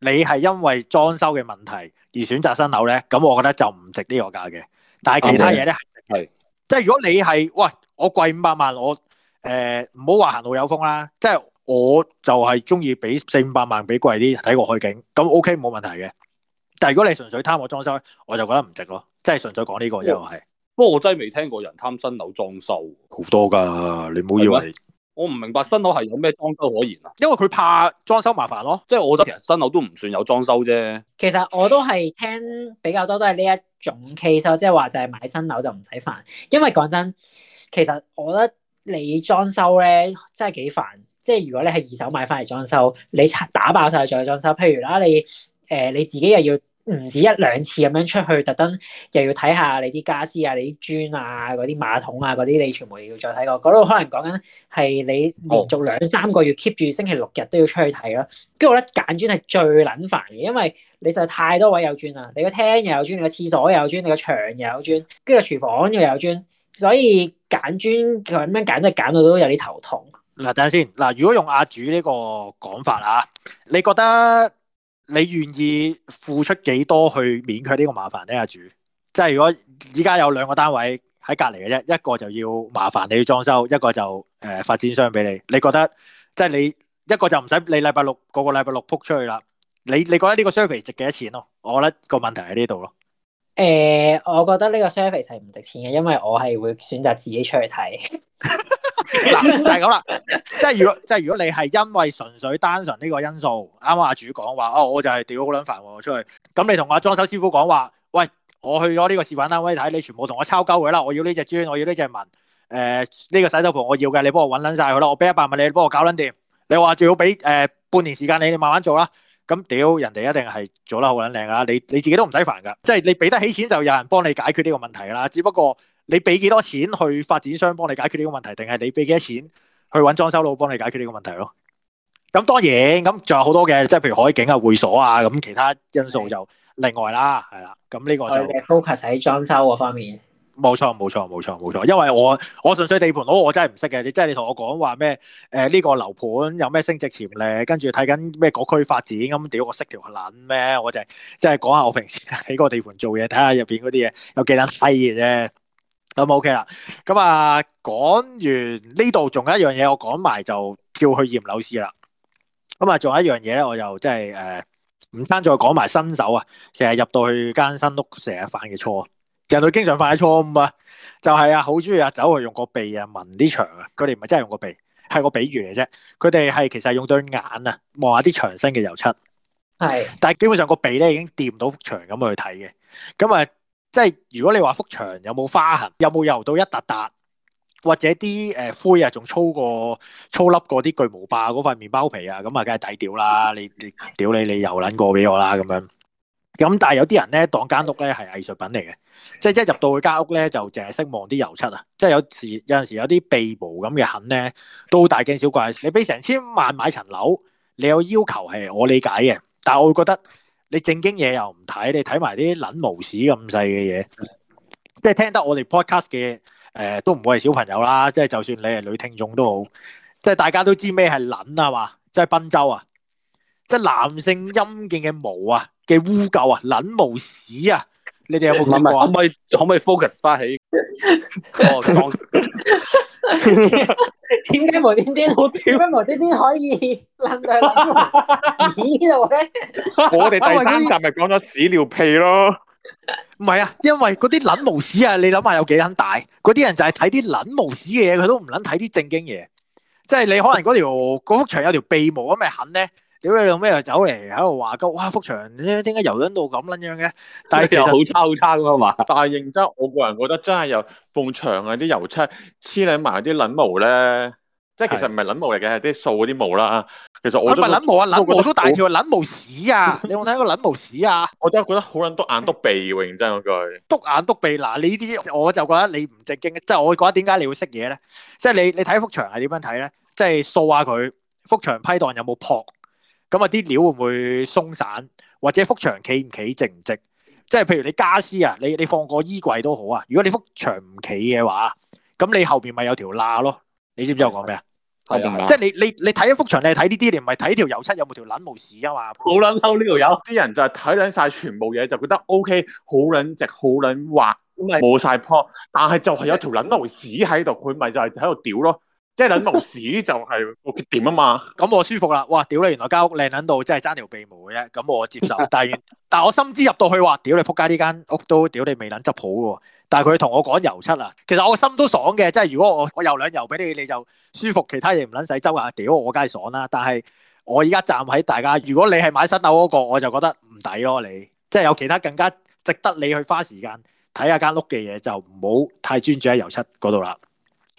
你係因為裝修嘅問題而選擇新樓咧，咁我覺得就唔值呢個價嘅。但係其他嘢咧係值嘅，即係如果你係喂我貴五百萬，我誒唔好話行路有風啦，即係我就係中意俾四五百萬俾貴啲睇個海景，咁 OK 冇問題嘅。但係如果你純粹貪我裝修，我就覺得唔值咯，即係純粹講呢個啫，我係、哦。不過我真係未聽過人貪新樓裝修，好多噶。你唔好以為我唔明白新樓係有咩裝修可言啊？因為佢怕裝修麻煩咯，即係我其實新樓都唔算有裝修啫。其實我都係聽比較多都係呢一種 case，其實即係話就係買新樓就唔使煩，因為講真，其實我覺得你裝修咧真係幾煩，即係如果你係二手買翻嚟裝修，你打爆晒再去裝修，譬如啦，你、呃、誒你自己又要。唔止一兩次咁樣出去，特登又要睇下你啲家私啊、你啲磚啊、嗰啲馬桶啊、嗰啲你全部要再睇過。嗰度可能講緊係你連續兩三個月 keep 住、哦、星期六日都要出去睇咯。跟住我覺得揀磚係最撚煩嘅，因為你實在太多位有磚啦。你個廳又有磚，你個廁所又有磚，你個牆又有磚，跟住個廚房又有磚，所以揀磚咁樣揀真係揀到都有啲頭痛。嗱，等下先嗱，如果用阿主呢個講法啊，你覺得？你願意付出幾多去勉強呢個麻煩呢阿主？即係如果依家有兩個單位喺隔離嘅啫，一個就要麻煩你要裝修，一個就誒發展商俾你。你覺得即係、就是、你一個就唔使你禮拜六、個個禮拜六撲出去啦。你你覺得呢個 service 值幾多錢咯？我覺得個問題喺呢度咯。誒、呃，我覺得呢個 survey 係唔值錢嘅，因為我係會選擇自己出去睇。嗱，就係、是、咁啦。即係如果，即係如果你係因為純粹單純呢個因素，啱話主講話，哦，我就係屌好撚煩，我出去。咁你同阿裝修師傅講話，喂，我去咗呢個示範單位睇，你全部同我抄鳩佢啦。我要呢隻磚，我要呢隻紋。誒、呃、呢、這個洗手盤我要嘅，你幫我搵捻晒佢啦。我俾一百萬你，幫我搞捻掂。你話最好俾誒半年時間，你哋慢慢做啦。咁屌，人哋一定係做得好撚靚啦！你你自己都唔使煩噶，即係你俾得起錢就有人幫你解決呢個問題啦。只不過你俾幾多錢去發展商幫你解決呢個問題，定係你俾幾多錢去揾裝修佬幫你解決呢個問題咯？咁當然，咁仲有好多嘅，即係譬如海景啊、會所啊，咁其他因素就另外啦，係啦的。咁呢個就 focus 喺裝修嗰方面。冇錯冇錯冇錯冇錯，因為我我純粹地盤佬，我我真係唔識嘅。即你即係你同我講話咩？誒、呃、呢、這個樓盤有咩升值潛力？跟住睇緊咩嗰區發展咁屌，我識條捻咩？我就係即係講下我平時喺嗰個地盤做嘢，睇下入邊嗰啲嘢有幾撚低嘅啫。咁、嗯、OK 啦。咁、嗯、啊，講完呢度仲有一樣嘢，我講埋就叫去驗樓師啦。咁、嗯、啊，仲有一樣嘢咧，我就即係誒，唔、呃、差再講埋新手啊，成日入到去間新屋，成日犯嘅錯。人類經常犯嘅錯誤啊，就係啊，好中意啊走去用個鼻啊聞啲牆啊。佢哋唔係真係用個鼻，係個比喻嚟啫。佢哋係其實用對眼啊，望下啲牆身嘅油漆。係的，但係基本上個鼻咧已經掂到幅牆咁去睇嘅。咁啊，即係如果你話幅牆有冇花痕，有冇油到一笪笪，或者啲誒灰啊，仲粗過粗粒過啲巨無霸嗰塊麵包皮啊，咁啊，梗係抵屌啦！你你屌你，你又撚過俾我啦咁樣。咁但係有啲人咧，當間屋咧係藝術品嚟嘅，即係一入到去間屋咧，就淨係識望啲油漆啊。即係有，有時有陣時有啲鼻毛咁嘅痕咧，都好大驚小怪。你俾成千萬買層樓，你有要求係我理解嘅，但係我會覺得你正經嘢又唔睇，你睇埋啲撚毛屎咁細嘅嘢，即係聽得我哋 podcast 嘅誒、呃，都唔會係小朋友啦。即係就算你係女聽眾都好，即係大家都知咩係撚啊嘛，即係賓周啊，即係男性陰莖嘅毛啊。嘅污垢啊，撚毛屎啊！你哋有冇諗過？可唔可以可唔跳可以 focus 翻起？點解無端端好屌？點解無端端可以卵大？我哋第三集咪講咗屎尿屁咯？唔係啊，因為嗰啲撚毛屎啊，你諗下有幾撚大？嗰啲人就係睇啲撚毛屎嘅嘢，佢都唔撚睇啲正經嘢。即係你可能嗰條嗰幅牆有條鼻毛咁咪痕咧。屌，你用咩又走嚟喺度話鳩哇幅牆咧？點解油捻到咁捻樣嘅？但係其實好差好差噶嘛。但係認真，我個人覺得真係有埲牆啊，啲油漆黐捻埋啲捻毛咧，即係是的 其實唔係捻毛嚟嘅，係啲掃嗰啲毛啦。其實我都佢咪捻毛啊！捻毛都大條，捻毛屎啊！ 你有冇睇過捻毛屎啊？我真係覺得好捻篤眼篤鼻喎！認真嗰句篤 眼篤鼻嗱，你呢啲我就覺得你唔正經，即係我覺得點解你會識嘢咧？即係你你睇幅牆係點樣睇咧？即係掃下佢幅牆批盪有冇破？咁啊，啲料會唔會鬆散，或者幅牆企唔企，直唔直？即係譬如你傢俬啊，你你放個衣櫃都好啊。如果你幅牆唔企嘅話，咁你後邊咪有條罅咯。你知唔知我講咩啊？我即係你你你睇一幅牆，你係睇呢啲，你唔係睇條油漆有冇條撚毛屎啊嘛？好撚嬲！呢度有啲人就係睇撚晒全部嘢，就覺得 OK，好撚直，好撚滑，咁咪冇晒泡，但係就係有條撚毛屎喺度，佢咪就係喺度屌咯。即係捻毛屎就係個缺點啊嘛，咁我舒服啦，哇，屌你，原來間屋靚捻到，真係爭條鼻毛啫，咁我接受。但係 但係我深知入到去話，屌你仆街呢間屋都屌你未捻執好嘅，但係佢同我講油漆啊，其實我心都爽嘅，即係如果我我有兩油兩油俾你，你就舒服，其他嘢唔捻使周圍，屌我梗係爽啦。但係我而家站喺大家，如果你係買新樓嗰個，我就覺得唔抵咯。你即係有其他更加值得你去花時間睇下間屋嘅嘢，就唔好太專注喺油漆嗰度啦。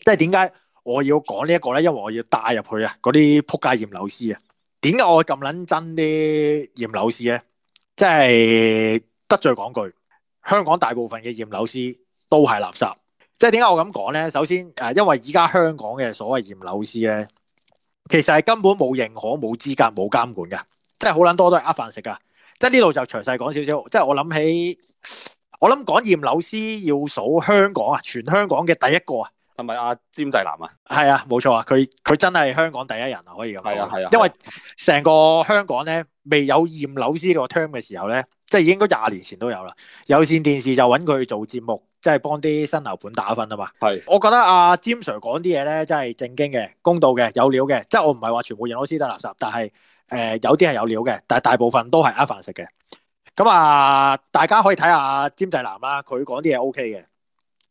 即係點解？我要講呢一個咧，因為我要帶入去啊，嗰啲扑街驗樓師啊，點解我咁捻憎啲驗樓師咧？即係得罪講句，香港大部分嘅驗樓師都係垃圾。即係點解我咁講咧？首先誒，因為而家香港嘅所謂驗樓師咧，其實係根本冇認可、冇資格、冇監管嘅，即係好捻多都係呃飯食噶。即係呢度就詳細講少少。即係我諗起，我諗講驗樓師要數香港啊，全香港嘅第一個啊。係咪阿、啊、詹濟南啊，係啊，冇錯啊，佢佢真係香港第一人啊，可以咁講。係啊，係啊，因為成個香港咧，未有驗樓師個 term 嘅時候咧，即係應該廿年前都有啦。有線電視就揾佢做節目，即、就、係、是、幫啲新樓盤打分啊嘛。係是，我覺得阿、啊、詹 Sir 講啲嘢咧，真係正經嘅、公道嘅、有料嘅。即係我唔係話全部驗樓師都垃圾，但係誒、呃、有啲係有料嘅，但係大部分都係揀飯食嘅。咁啊，大家可以睇下、啊、詹濟南啦，佢講啲嘢 OK 嘅。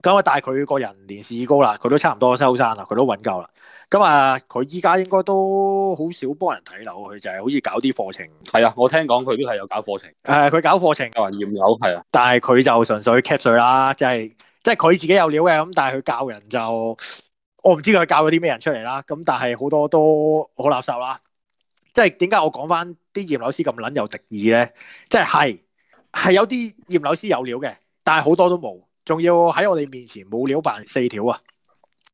咁啊！但係佢個人年事已高啦，佢都差唔多收山啦，佢都揾夠啦。咁、嗯、啊，佢依家應該都好少幫人睇樓，佢就係好似搞啲課程。係啊，我聽講佢都係有搞課程。誒、嗯，佢、啊、搞課程教人驗樓係啊，但係佢就純粹 cap 水啦，就係即係佢自己有料嘅咁，但係佢教人就我唔知佢教咗啲咩人出嚟啦。咁但係好多都好垃圾啦。即係點解我講翻啲驗樓師咁撚有敵意咧？即係係有啲驗樓師有料嘅，但係好多都冇。仲要喺我哋面前冇料辦四條啊！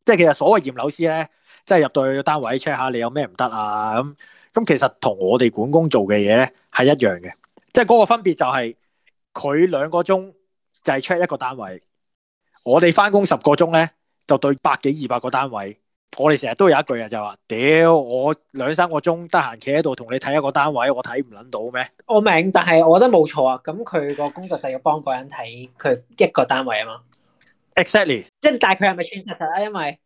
即係其實所謂驗樓師咧，即係入到去單位 check 下你有咩唔得啊咁。咁其實同我哋管工做嘅嘢咧係一樣嘅，即係嗰個分別就係佢兩個鐘就係 check 一個單位，我哋返工十個鐘咧就對百幾二百個單位。我哋成日都有一句啊，就係話，屌我兩三個鐘得閒企喺度同你睇一個單位，我睇唔捻到咩？我明，但係我覺得冇錯啊。咁佢個工作就要幫個人睇佢一個單位啊嘛。Exactly，即係但係佢係咪串柒柒啊？因為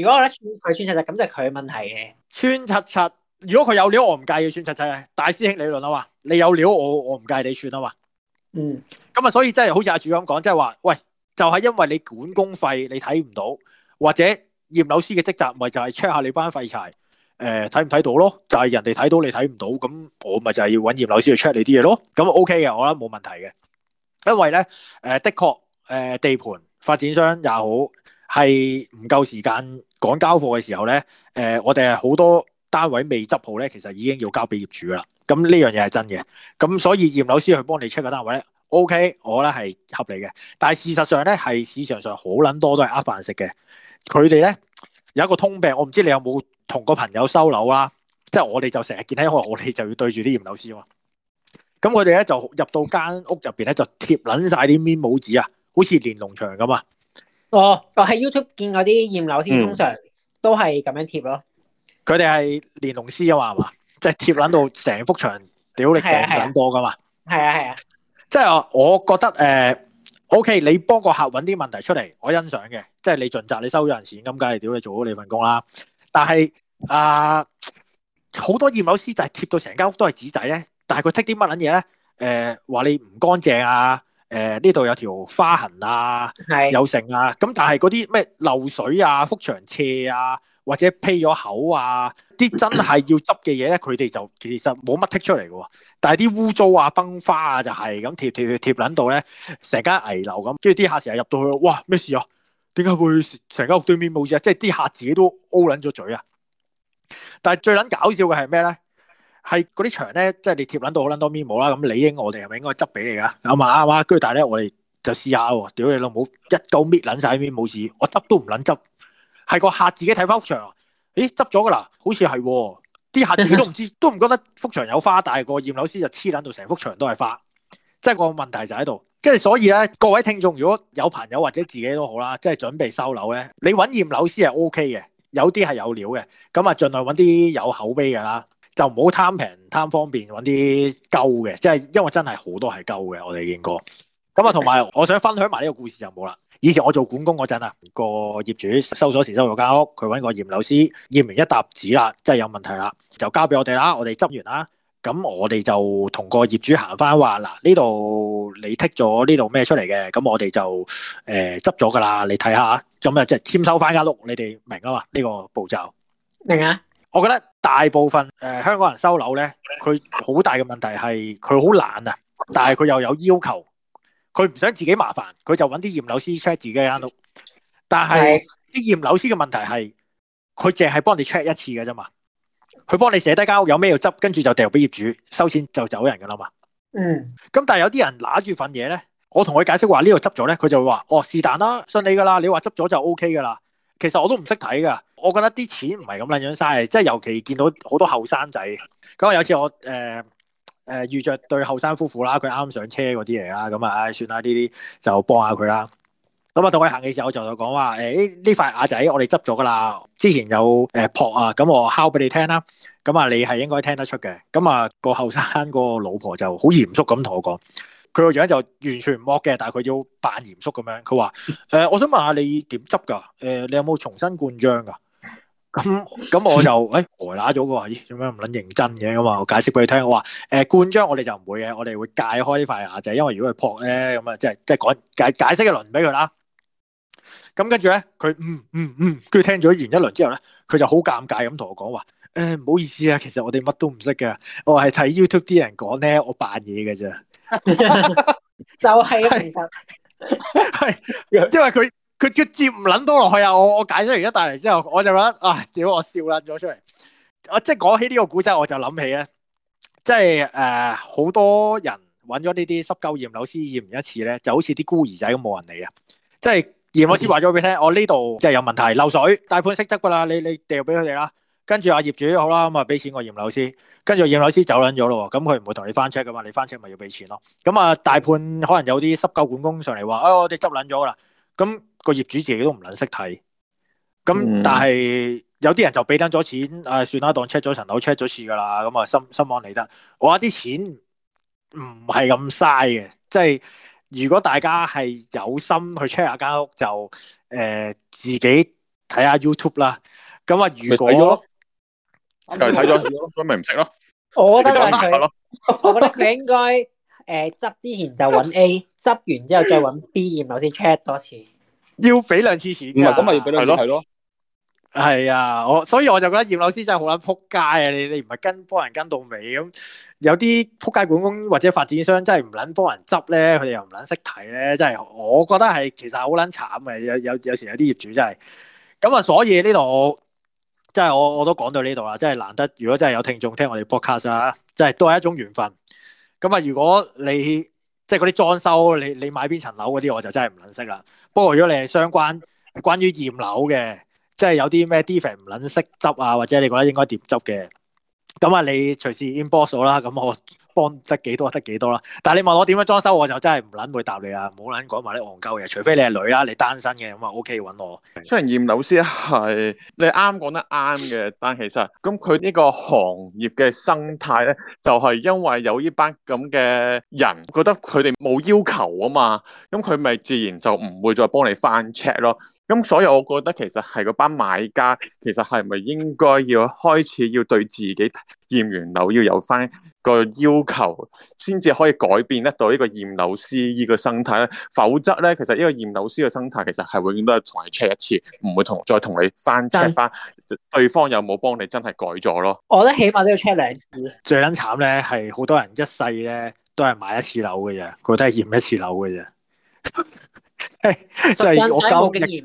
如果我咧串佢串柒柒，咁就係佢嘅問題嘅。串柒柒，如果佢有料，我唔介意串柒柒啊。大師兄理論啊嘛，你有料我，我我唔介意你串啊嘛。嗯，咁啊，所以真係好似阿主咁講，即係話喂，就係因為你管工費，你睇唔到或者。驗樓師嘅職責咪就係 check 下你班廢柴，誒睇唔睇到咯？就係、是、人哋睇到你睇唔到，咁我咪就係要揾驗樓師去 check 你啲嘢咯。咁 OK 嘅，我覺得冇問題嘅，因為咧誒的確誒、呃、地盤發展商也好係唔夠時間趕交貨嘅時候咧，誒、呃、我哋係好多單位未執好咧，其實已經要交俾業主啦。咁呢樣嘢係真嘅，咁所以驗樓師去幫你 check 個單位咧，OK 我覺得係合理嘅。但係事實上咧係市場上好捻多都係呃飯食嘅。佢哋咧有一個通病，我唔知你有冇同個朋友收樓啊？即係我哋就成日見，因為我哋就要對住啲驗樓師嘛。咁佢哋咧就入到間屋入邊咧就貼捻晒啲 memo 紙啊，好似連儂牆咁啊。哦，就喺 YouTube 見嗰啲驗樓師、嗯、通常都係咁樣貼咯。佢哋係連儂師啊，嘛？係、就、嘛、是？即係貼捻到成幅牆，屌你勁捻多㗎嘛？係啊係啊。即係我我覺得誒。呃 O.K. 你幫個客揾啲問題出嚟，我欣賞嘅，即係你盡責，你收咗人錢咁，梗係屌你做好你份工啦。但係、呃呃、啊，好多驗樓師就係貼到成間屋都係紙仔咧，但係佢剔啲乜撚嘢咧？誒，話你唔乾淨啊，誒呢度有條花痕啊，係是有剩啊。咁但係嗰啲咩漏水啊、覆牆斜啊，或者披咗口啊。啲真係要執嘅嘢咧，佢哋就其實冇乜剔出嚟嘅喎，但係啲污糟啊、崩花啊，就係咁貼貼貼貼撚到咧，成間危樓咁。跟住啲客成日入到去，哇咩事啊？點解會成間屋對面冇事啊？即係啲客自己都 O 撚咗嘴啊！但係最撚搞笑嘅係咩咧？係嗰啲牆咧，即係你貼撚到好撚多 memo 啦，咁理應我哋係咪應該執俾你啊？啱嘛，啱嘛。跟住吧但係咧，我哋就試下喎，屌你老母，一嚿搣撚晒啲 memo，emo，我執都唔撚執，係個客自己睇翻屋牆。咦，執咗噶啦，好似係啲客自己都唔知，都唔覺得幅牆有花，但係個驗樓師就黐捻到成幅牆都係花，即係個問題就喺度。跟住所以咧，各位聽眾如果有朋友或者自己都好啦，即係準備收樓咧，你搵驗樓師係 OK 嘅，有啲係有料嘅，咁啊盡量搵啲有口碑㗎啦，就唔好貪平貪方便搵啲鳩嘅，即係因為真係好多係鳩嘅，我哋見過。咁啊，同埋我想分享埋呢個故事就冇啦。以前我做管工嗰陣啊，個業主收咗匙收咗間屋，佢揾個驗樓師驗完一沓紙啦，真係有問題啦，就交俾我哋啦。我哋執完啦，咁我哋就同個業主行翻話嗱，呢度你剔咗呢度咩出嚟嘅，咁我哋就誒執咗㗎啦，你睇下嚇。咁啊，即係簽收翻間屋，你哋明啊嘛？呢個步驟明啊？我覺得大部分誒香港人收樓咧，佢好大嘅問題係佢好懶啊，但係佢又有要求。佢唔想自己麻煩，佢就揾啲驗樓師 check 自己間屋。但係啲驗樓師嘅問題係，佢淨係幫你 check 一次嘅啫嘛。佢幫你寫低間屋有咩要執，跟住就掉俾業主收錢就走人噶啦嘛。嗯。咁但係有啲人揦住份嘢咧，我同佢解釋話呢度執咗咧，佢就會話：哦，是但啦，信你噶啦，你話執咗就 OK 噶啦。其實我都唔識睇噶，我覺得啲錢唔係咁撚樣嘥，即係尤其見到好多後生仔。咁啊，有次我誒。呃誒、呃、遇著對後生夫婦啦，佢啱上車嗰啲嚟啦，咁、嗯、啊，唉算啦，呢啲就幫下佢啦。咁、嗯、啊，同佢行嘅時候，我就講話誒，呢呢塊牙仔我哋執咗㗎啦。之前有誒撲啊，咁我敲俾你聽啦。咁、嗯、啊，你係應該聽得出嘅。咁、嗯、啊，個後生個老婆就好嚴肅咁同我講，佢個樣就完全唔惡嘅，但係佢要扮嚴肅咁樣。佢話誒，我想問下你點執㗎？誒、呃，你有冇重新灌漿㗎？咁咁、嗯、我就哎呆乸咗佢，話咦，做咩唔捻認真嘅咁啊？我解釋俾佢聽，我話誒，灌漿我哋就唔會嘅，我哋會解開呢塊牙仔，因為如果佢撲咧咁啊，即係即係解解釋一輪俾佢啦。咁跟住咧，佢嗯嗯嗯，跟、嗯、住、嗯、聽咗完一輪之後咧，佢就好尷尬咁同我講話誒，唔、欸、好意思啊，其實我哋乜都唔識嘅，我係睇 YouTube 啲人講咧，我扮嘢嘅啫，就係其實係因為佢。佢接唔撚多落去啊！我我解釋完一大嚟之後，我就覺得啊，屌我笑撚咗出嚟！我即係講起呢個古仔，我就諗起咧，即係誒好多人揾咗呢啲濕鳩驗樓師驗一次咧，就好似啲孤兒仔咁冇人理啊！即係驗樓師話咗俾你聽，嗯、我呢度即係有問題漏水，大判識執噶啦，你你掉俾佢哋啦。跟住阿業主好啦，咁啊俾錢個驗樓師。跟住驗樓師走撚咗咯，咁佢唔會同你翻車噶嘛？你翻車咪要俾錢咯。咁啊大判可能有啲濕鳩管工上嚟話，哦、哎、我哋執撚咗噶啦，咁。個業主自己都唔撚識睇，咁但係有啲人就俾緊咗錢，啊、嗯、算啦，當 check 咗層樓，check 咗次㗎喇，咁啊心心安理得。我話啲錢唔係咁嘥嘅，即係如果大家係有心去 check 下間屋，就誒、呃、自己睇下 YouTube 啦。咁啊，如果又睇咗，睇咗咁咪唔識咯？ 我覺得係， 我覺得佢應該誒執、呃、之前就揾 A，執完之後再揾 B，然後先 check 多次。要俾兩次錢，唔係咁咪要俾兩次係咯係啊，我了了所以我就覺得葉老師真係好捻撲街啊！你你唔係跟幫人跟到尾咁，有啲撲街管工或者發展商真係唔捻幫人執咧，佢哋又唔捻識睇咧，真係我覺得係其實好捻慘啊！有有有時有啲業主真係咁啊，所以呢度即係我我都講到呢度啦，真係難得。如果真係有聽眾聽我哋 podcast 啊，真係都係一種緣分。咁啊，如果你即係嗰啲裝修，你你買邊層樓嗰啲，我就真係唔撚識啦。不過如果你係相關關於驗樓嘅，即係有啲咩唔撚識執啊，或者你覺得應該點執嘅，咁啊你隨時 inbox 我啦。咁我，幫得幾多得幾多啦，但係你問我點樣裝修，我就真係唔捻會答你啦，唔捻講埋你戇鳩嘅。除非你係女啊，你單身嘅咁啊 OK 揾我。雖然嚴老師係你啱講得啱嘅，但其實咁佢呢個行業嘅生態咧，就係因為有呢班咁嘅人，覺得佢哋冇要求啊嘛，咁佢咪自然就唔會再幫你翻 check 咯。.咁所以，我覺得其實係嗰班買家，其實係咪應該要開始要對自己驗完樓要有翻個要求，先至可以改變得到個驗樓呢個驗樓師呢個生態咧？否則咧，其實呢個驗樓師嘅生態其實係永遠都係同你 check 一次，唔會同再同你翻 check 翻對，對方有冇幫你真係改咗咯。我覺得起碼都要 check 兩次。最慘的是。最撚慘咧係好多人一世咧都係買一次樓嘅啫，佢都係驗一次樓嘅啫，即 係我交一。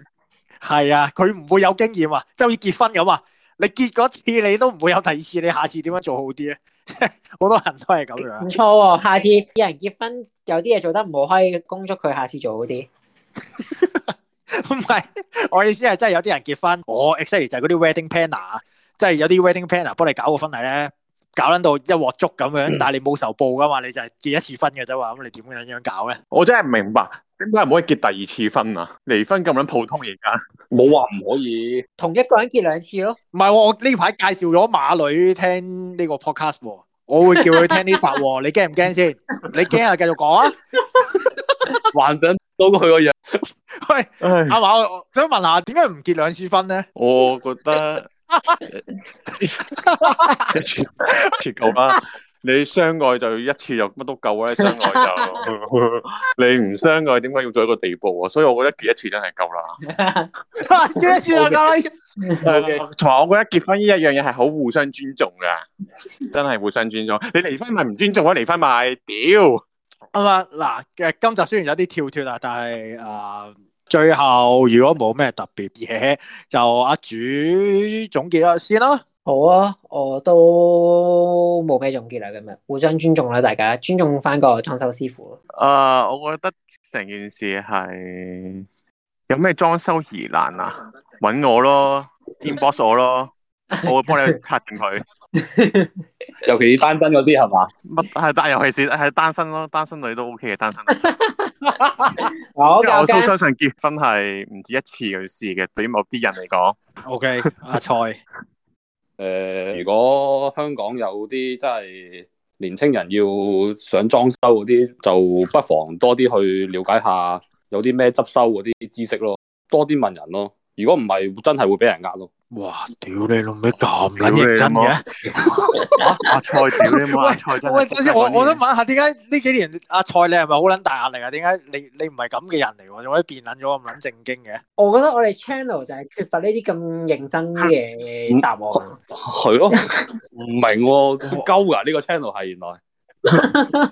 係啊，佢唔會有經驗啊，即係好似結婚咁啊。你結嗰次你都唔會有第二次，你下次點樣做好啲咧？好 多人都係咁樣。唔錯、哦，下次有人結婚，有啲嘢做得唔好，可以恭祝佢下次做好啲。唔係， 我意思係真係有啲人結婚，我 exactly 就係嗰啲 wedding planner，即係有啲 wedding planner 幫你搞個婚禮咧，搞捻到一鑊粥咁樣，但係你冇仇報噶嘛，你就係結一次婚嘅啫嘛，咁你點樣樣搞咧？我真係唔明白。點解唔可以結第二次婚啊？離婚咁樣普通而家，冇話唔可以。同一個人結兩次咯。唔係我呢排介紹咗馬女聽呢個 podcast，我會叫佢聽呢集。 你驚唔驚先？你驚啊？繼續講啊！幻想到過佢個樣子。喂，阿唉、啊、馬，我想問下為什麼不，點解唔結兩次婚咧？我覺得結夠啦。你相愛就一次又乜都夠咧，相愛就 你唔相愛點解要做一個地步啊？所以我覺得一結一次真係夠啦，結一次就夠啦。同埋我覺得結婚呢一樣嘢係好互相尊重噶，真係互相尊重。你離婚咪唔尊重啊？離婚咪屌啊嗱。誒， 今集雖然有啲跳脫啦，但係誒、呃，最後如果冇咩特別嘢，就阿、啊、主總結咗先囉。好啊，我都冇咩總結啦，今日互相尊重啦，大家尊重翻個裝修師傅。啊、呃，我覺得成件事係有咩裝修疑難啊，揾 我咯 inbox 我咯，我會幫你拆定佢。尤其單身嗰啲係嘛？乜係但？尤其是係單， 單身咯，單身女都 OK 嘅，單身女。我我都相信結婚係唔止一次嘅事嘅，okay, okay. 對於某啲人嚟講。O、okay, K，阿蔡。 誒、呃，如果香港有啲真係年青人要想裝修嗰啲，就不妨多啲去了解下有啲咩執修嗰啲知識咯，多啲問人咯。如果唔係，真係會俾人呃咯。哇！屌你老味咁捻認真嘅阿、 啊啊、蔡，屌你阿喂，啊、真嘅。我我想問下，點解呢幾年阿、啊、蔡你係咪好捻大壓力啊？點解你你唔係咁嘅人嚟？我點變捻咗咁捻正經嘅？我覺得我哋 channel 就係缺乏呢啲咁認真嘅答案。係咯、嗯，唔、啊啊、明喎、啊，勾噶呢個 channel 係原來。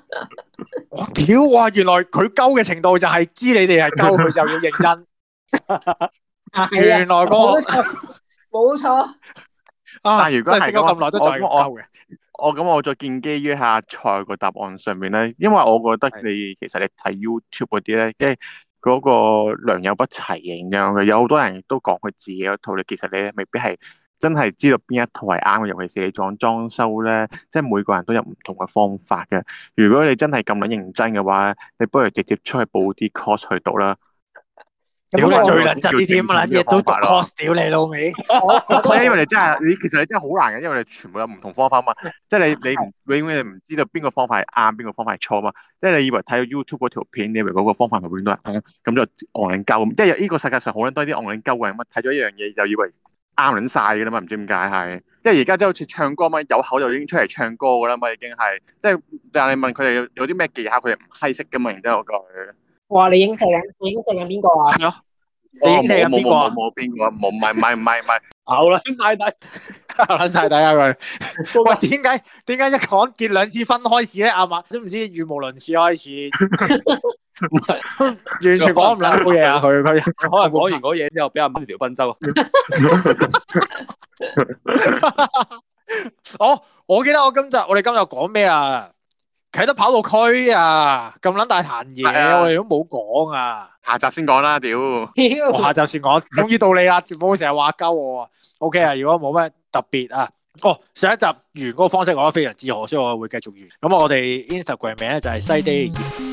我屌哇！原來佢勾嘅程度就係知你哋係勾佢就要認真。啊啊、原來個。冇錯，啊！但係如果係咁耐都再我咁我，我，我再建基於下蔡個答案上面咧，因為我覺得你是的 其實你睇 YouTube 嗰啲咧，即係嗰個良莠不齊，形樣嘅有好多人都講佢自己嗰套，你其實你未必係真係知道邊一套係啱嘅，尤其是你講裝修咧，即係每個人都有唔同嘅方法嘅。如果你真係咁樣認真嘅話，你不如直接出去報啲 course 去讀啦。屌你最撚質呢啲乜啦，嘢都突破，屌你老味！因為你真係你其實你真係好難嘅，因為你全部有唔同方法啊嘛。即係你你永遠你唔知道邊個方法係啱，邊個方法係錯啊嘛。即係你以為睇 YouTube 嗰條片，你以為嗰個方法永遠都係啱，咁就戇鳩。即係呢個世界上好撚多啲戇鳩嘅人，乜睇咗一樣嘢就以為啱撚晒㗎啦嘛，唔知點解係。即係而家即係好似唱歌嘛，有口就已經出嚟唱歌㗎啦嘛，已經係。即係但係你問佢哋有啲咩技巧，佢哋唔閪識㗎嘛，然之後佢。哇！你影射緊，你影射緊邊個啊？你影射緊邊個？冇邊個，冇唔係唔係。好啦，晒 底，晒底啊佢。喂，點解點解一講結兩次分開始咧？阿、啊、媽都唔知語無倫次開始，唔係 是 完全講唔諗嘢啊佢。可能講完嗰嘢之後，俾人搵住條分州。 哦，我記得我今日我哋今日講咩啊？喺得跑道區啊，咁撚大單嘢，我哋都冇講啊。下集先講啦，屌。下集先講，終於到你啦，冇成日話鳩我。OK 啊，如果冇咩特別啊，哦，上一集完嗰個方式我覺得非常之好，所以我會繼續完。咁啊，我哋 Instagram 名咧就係西地。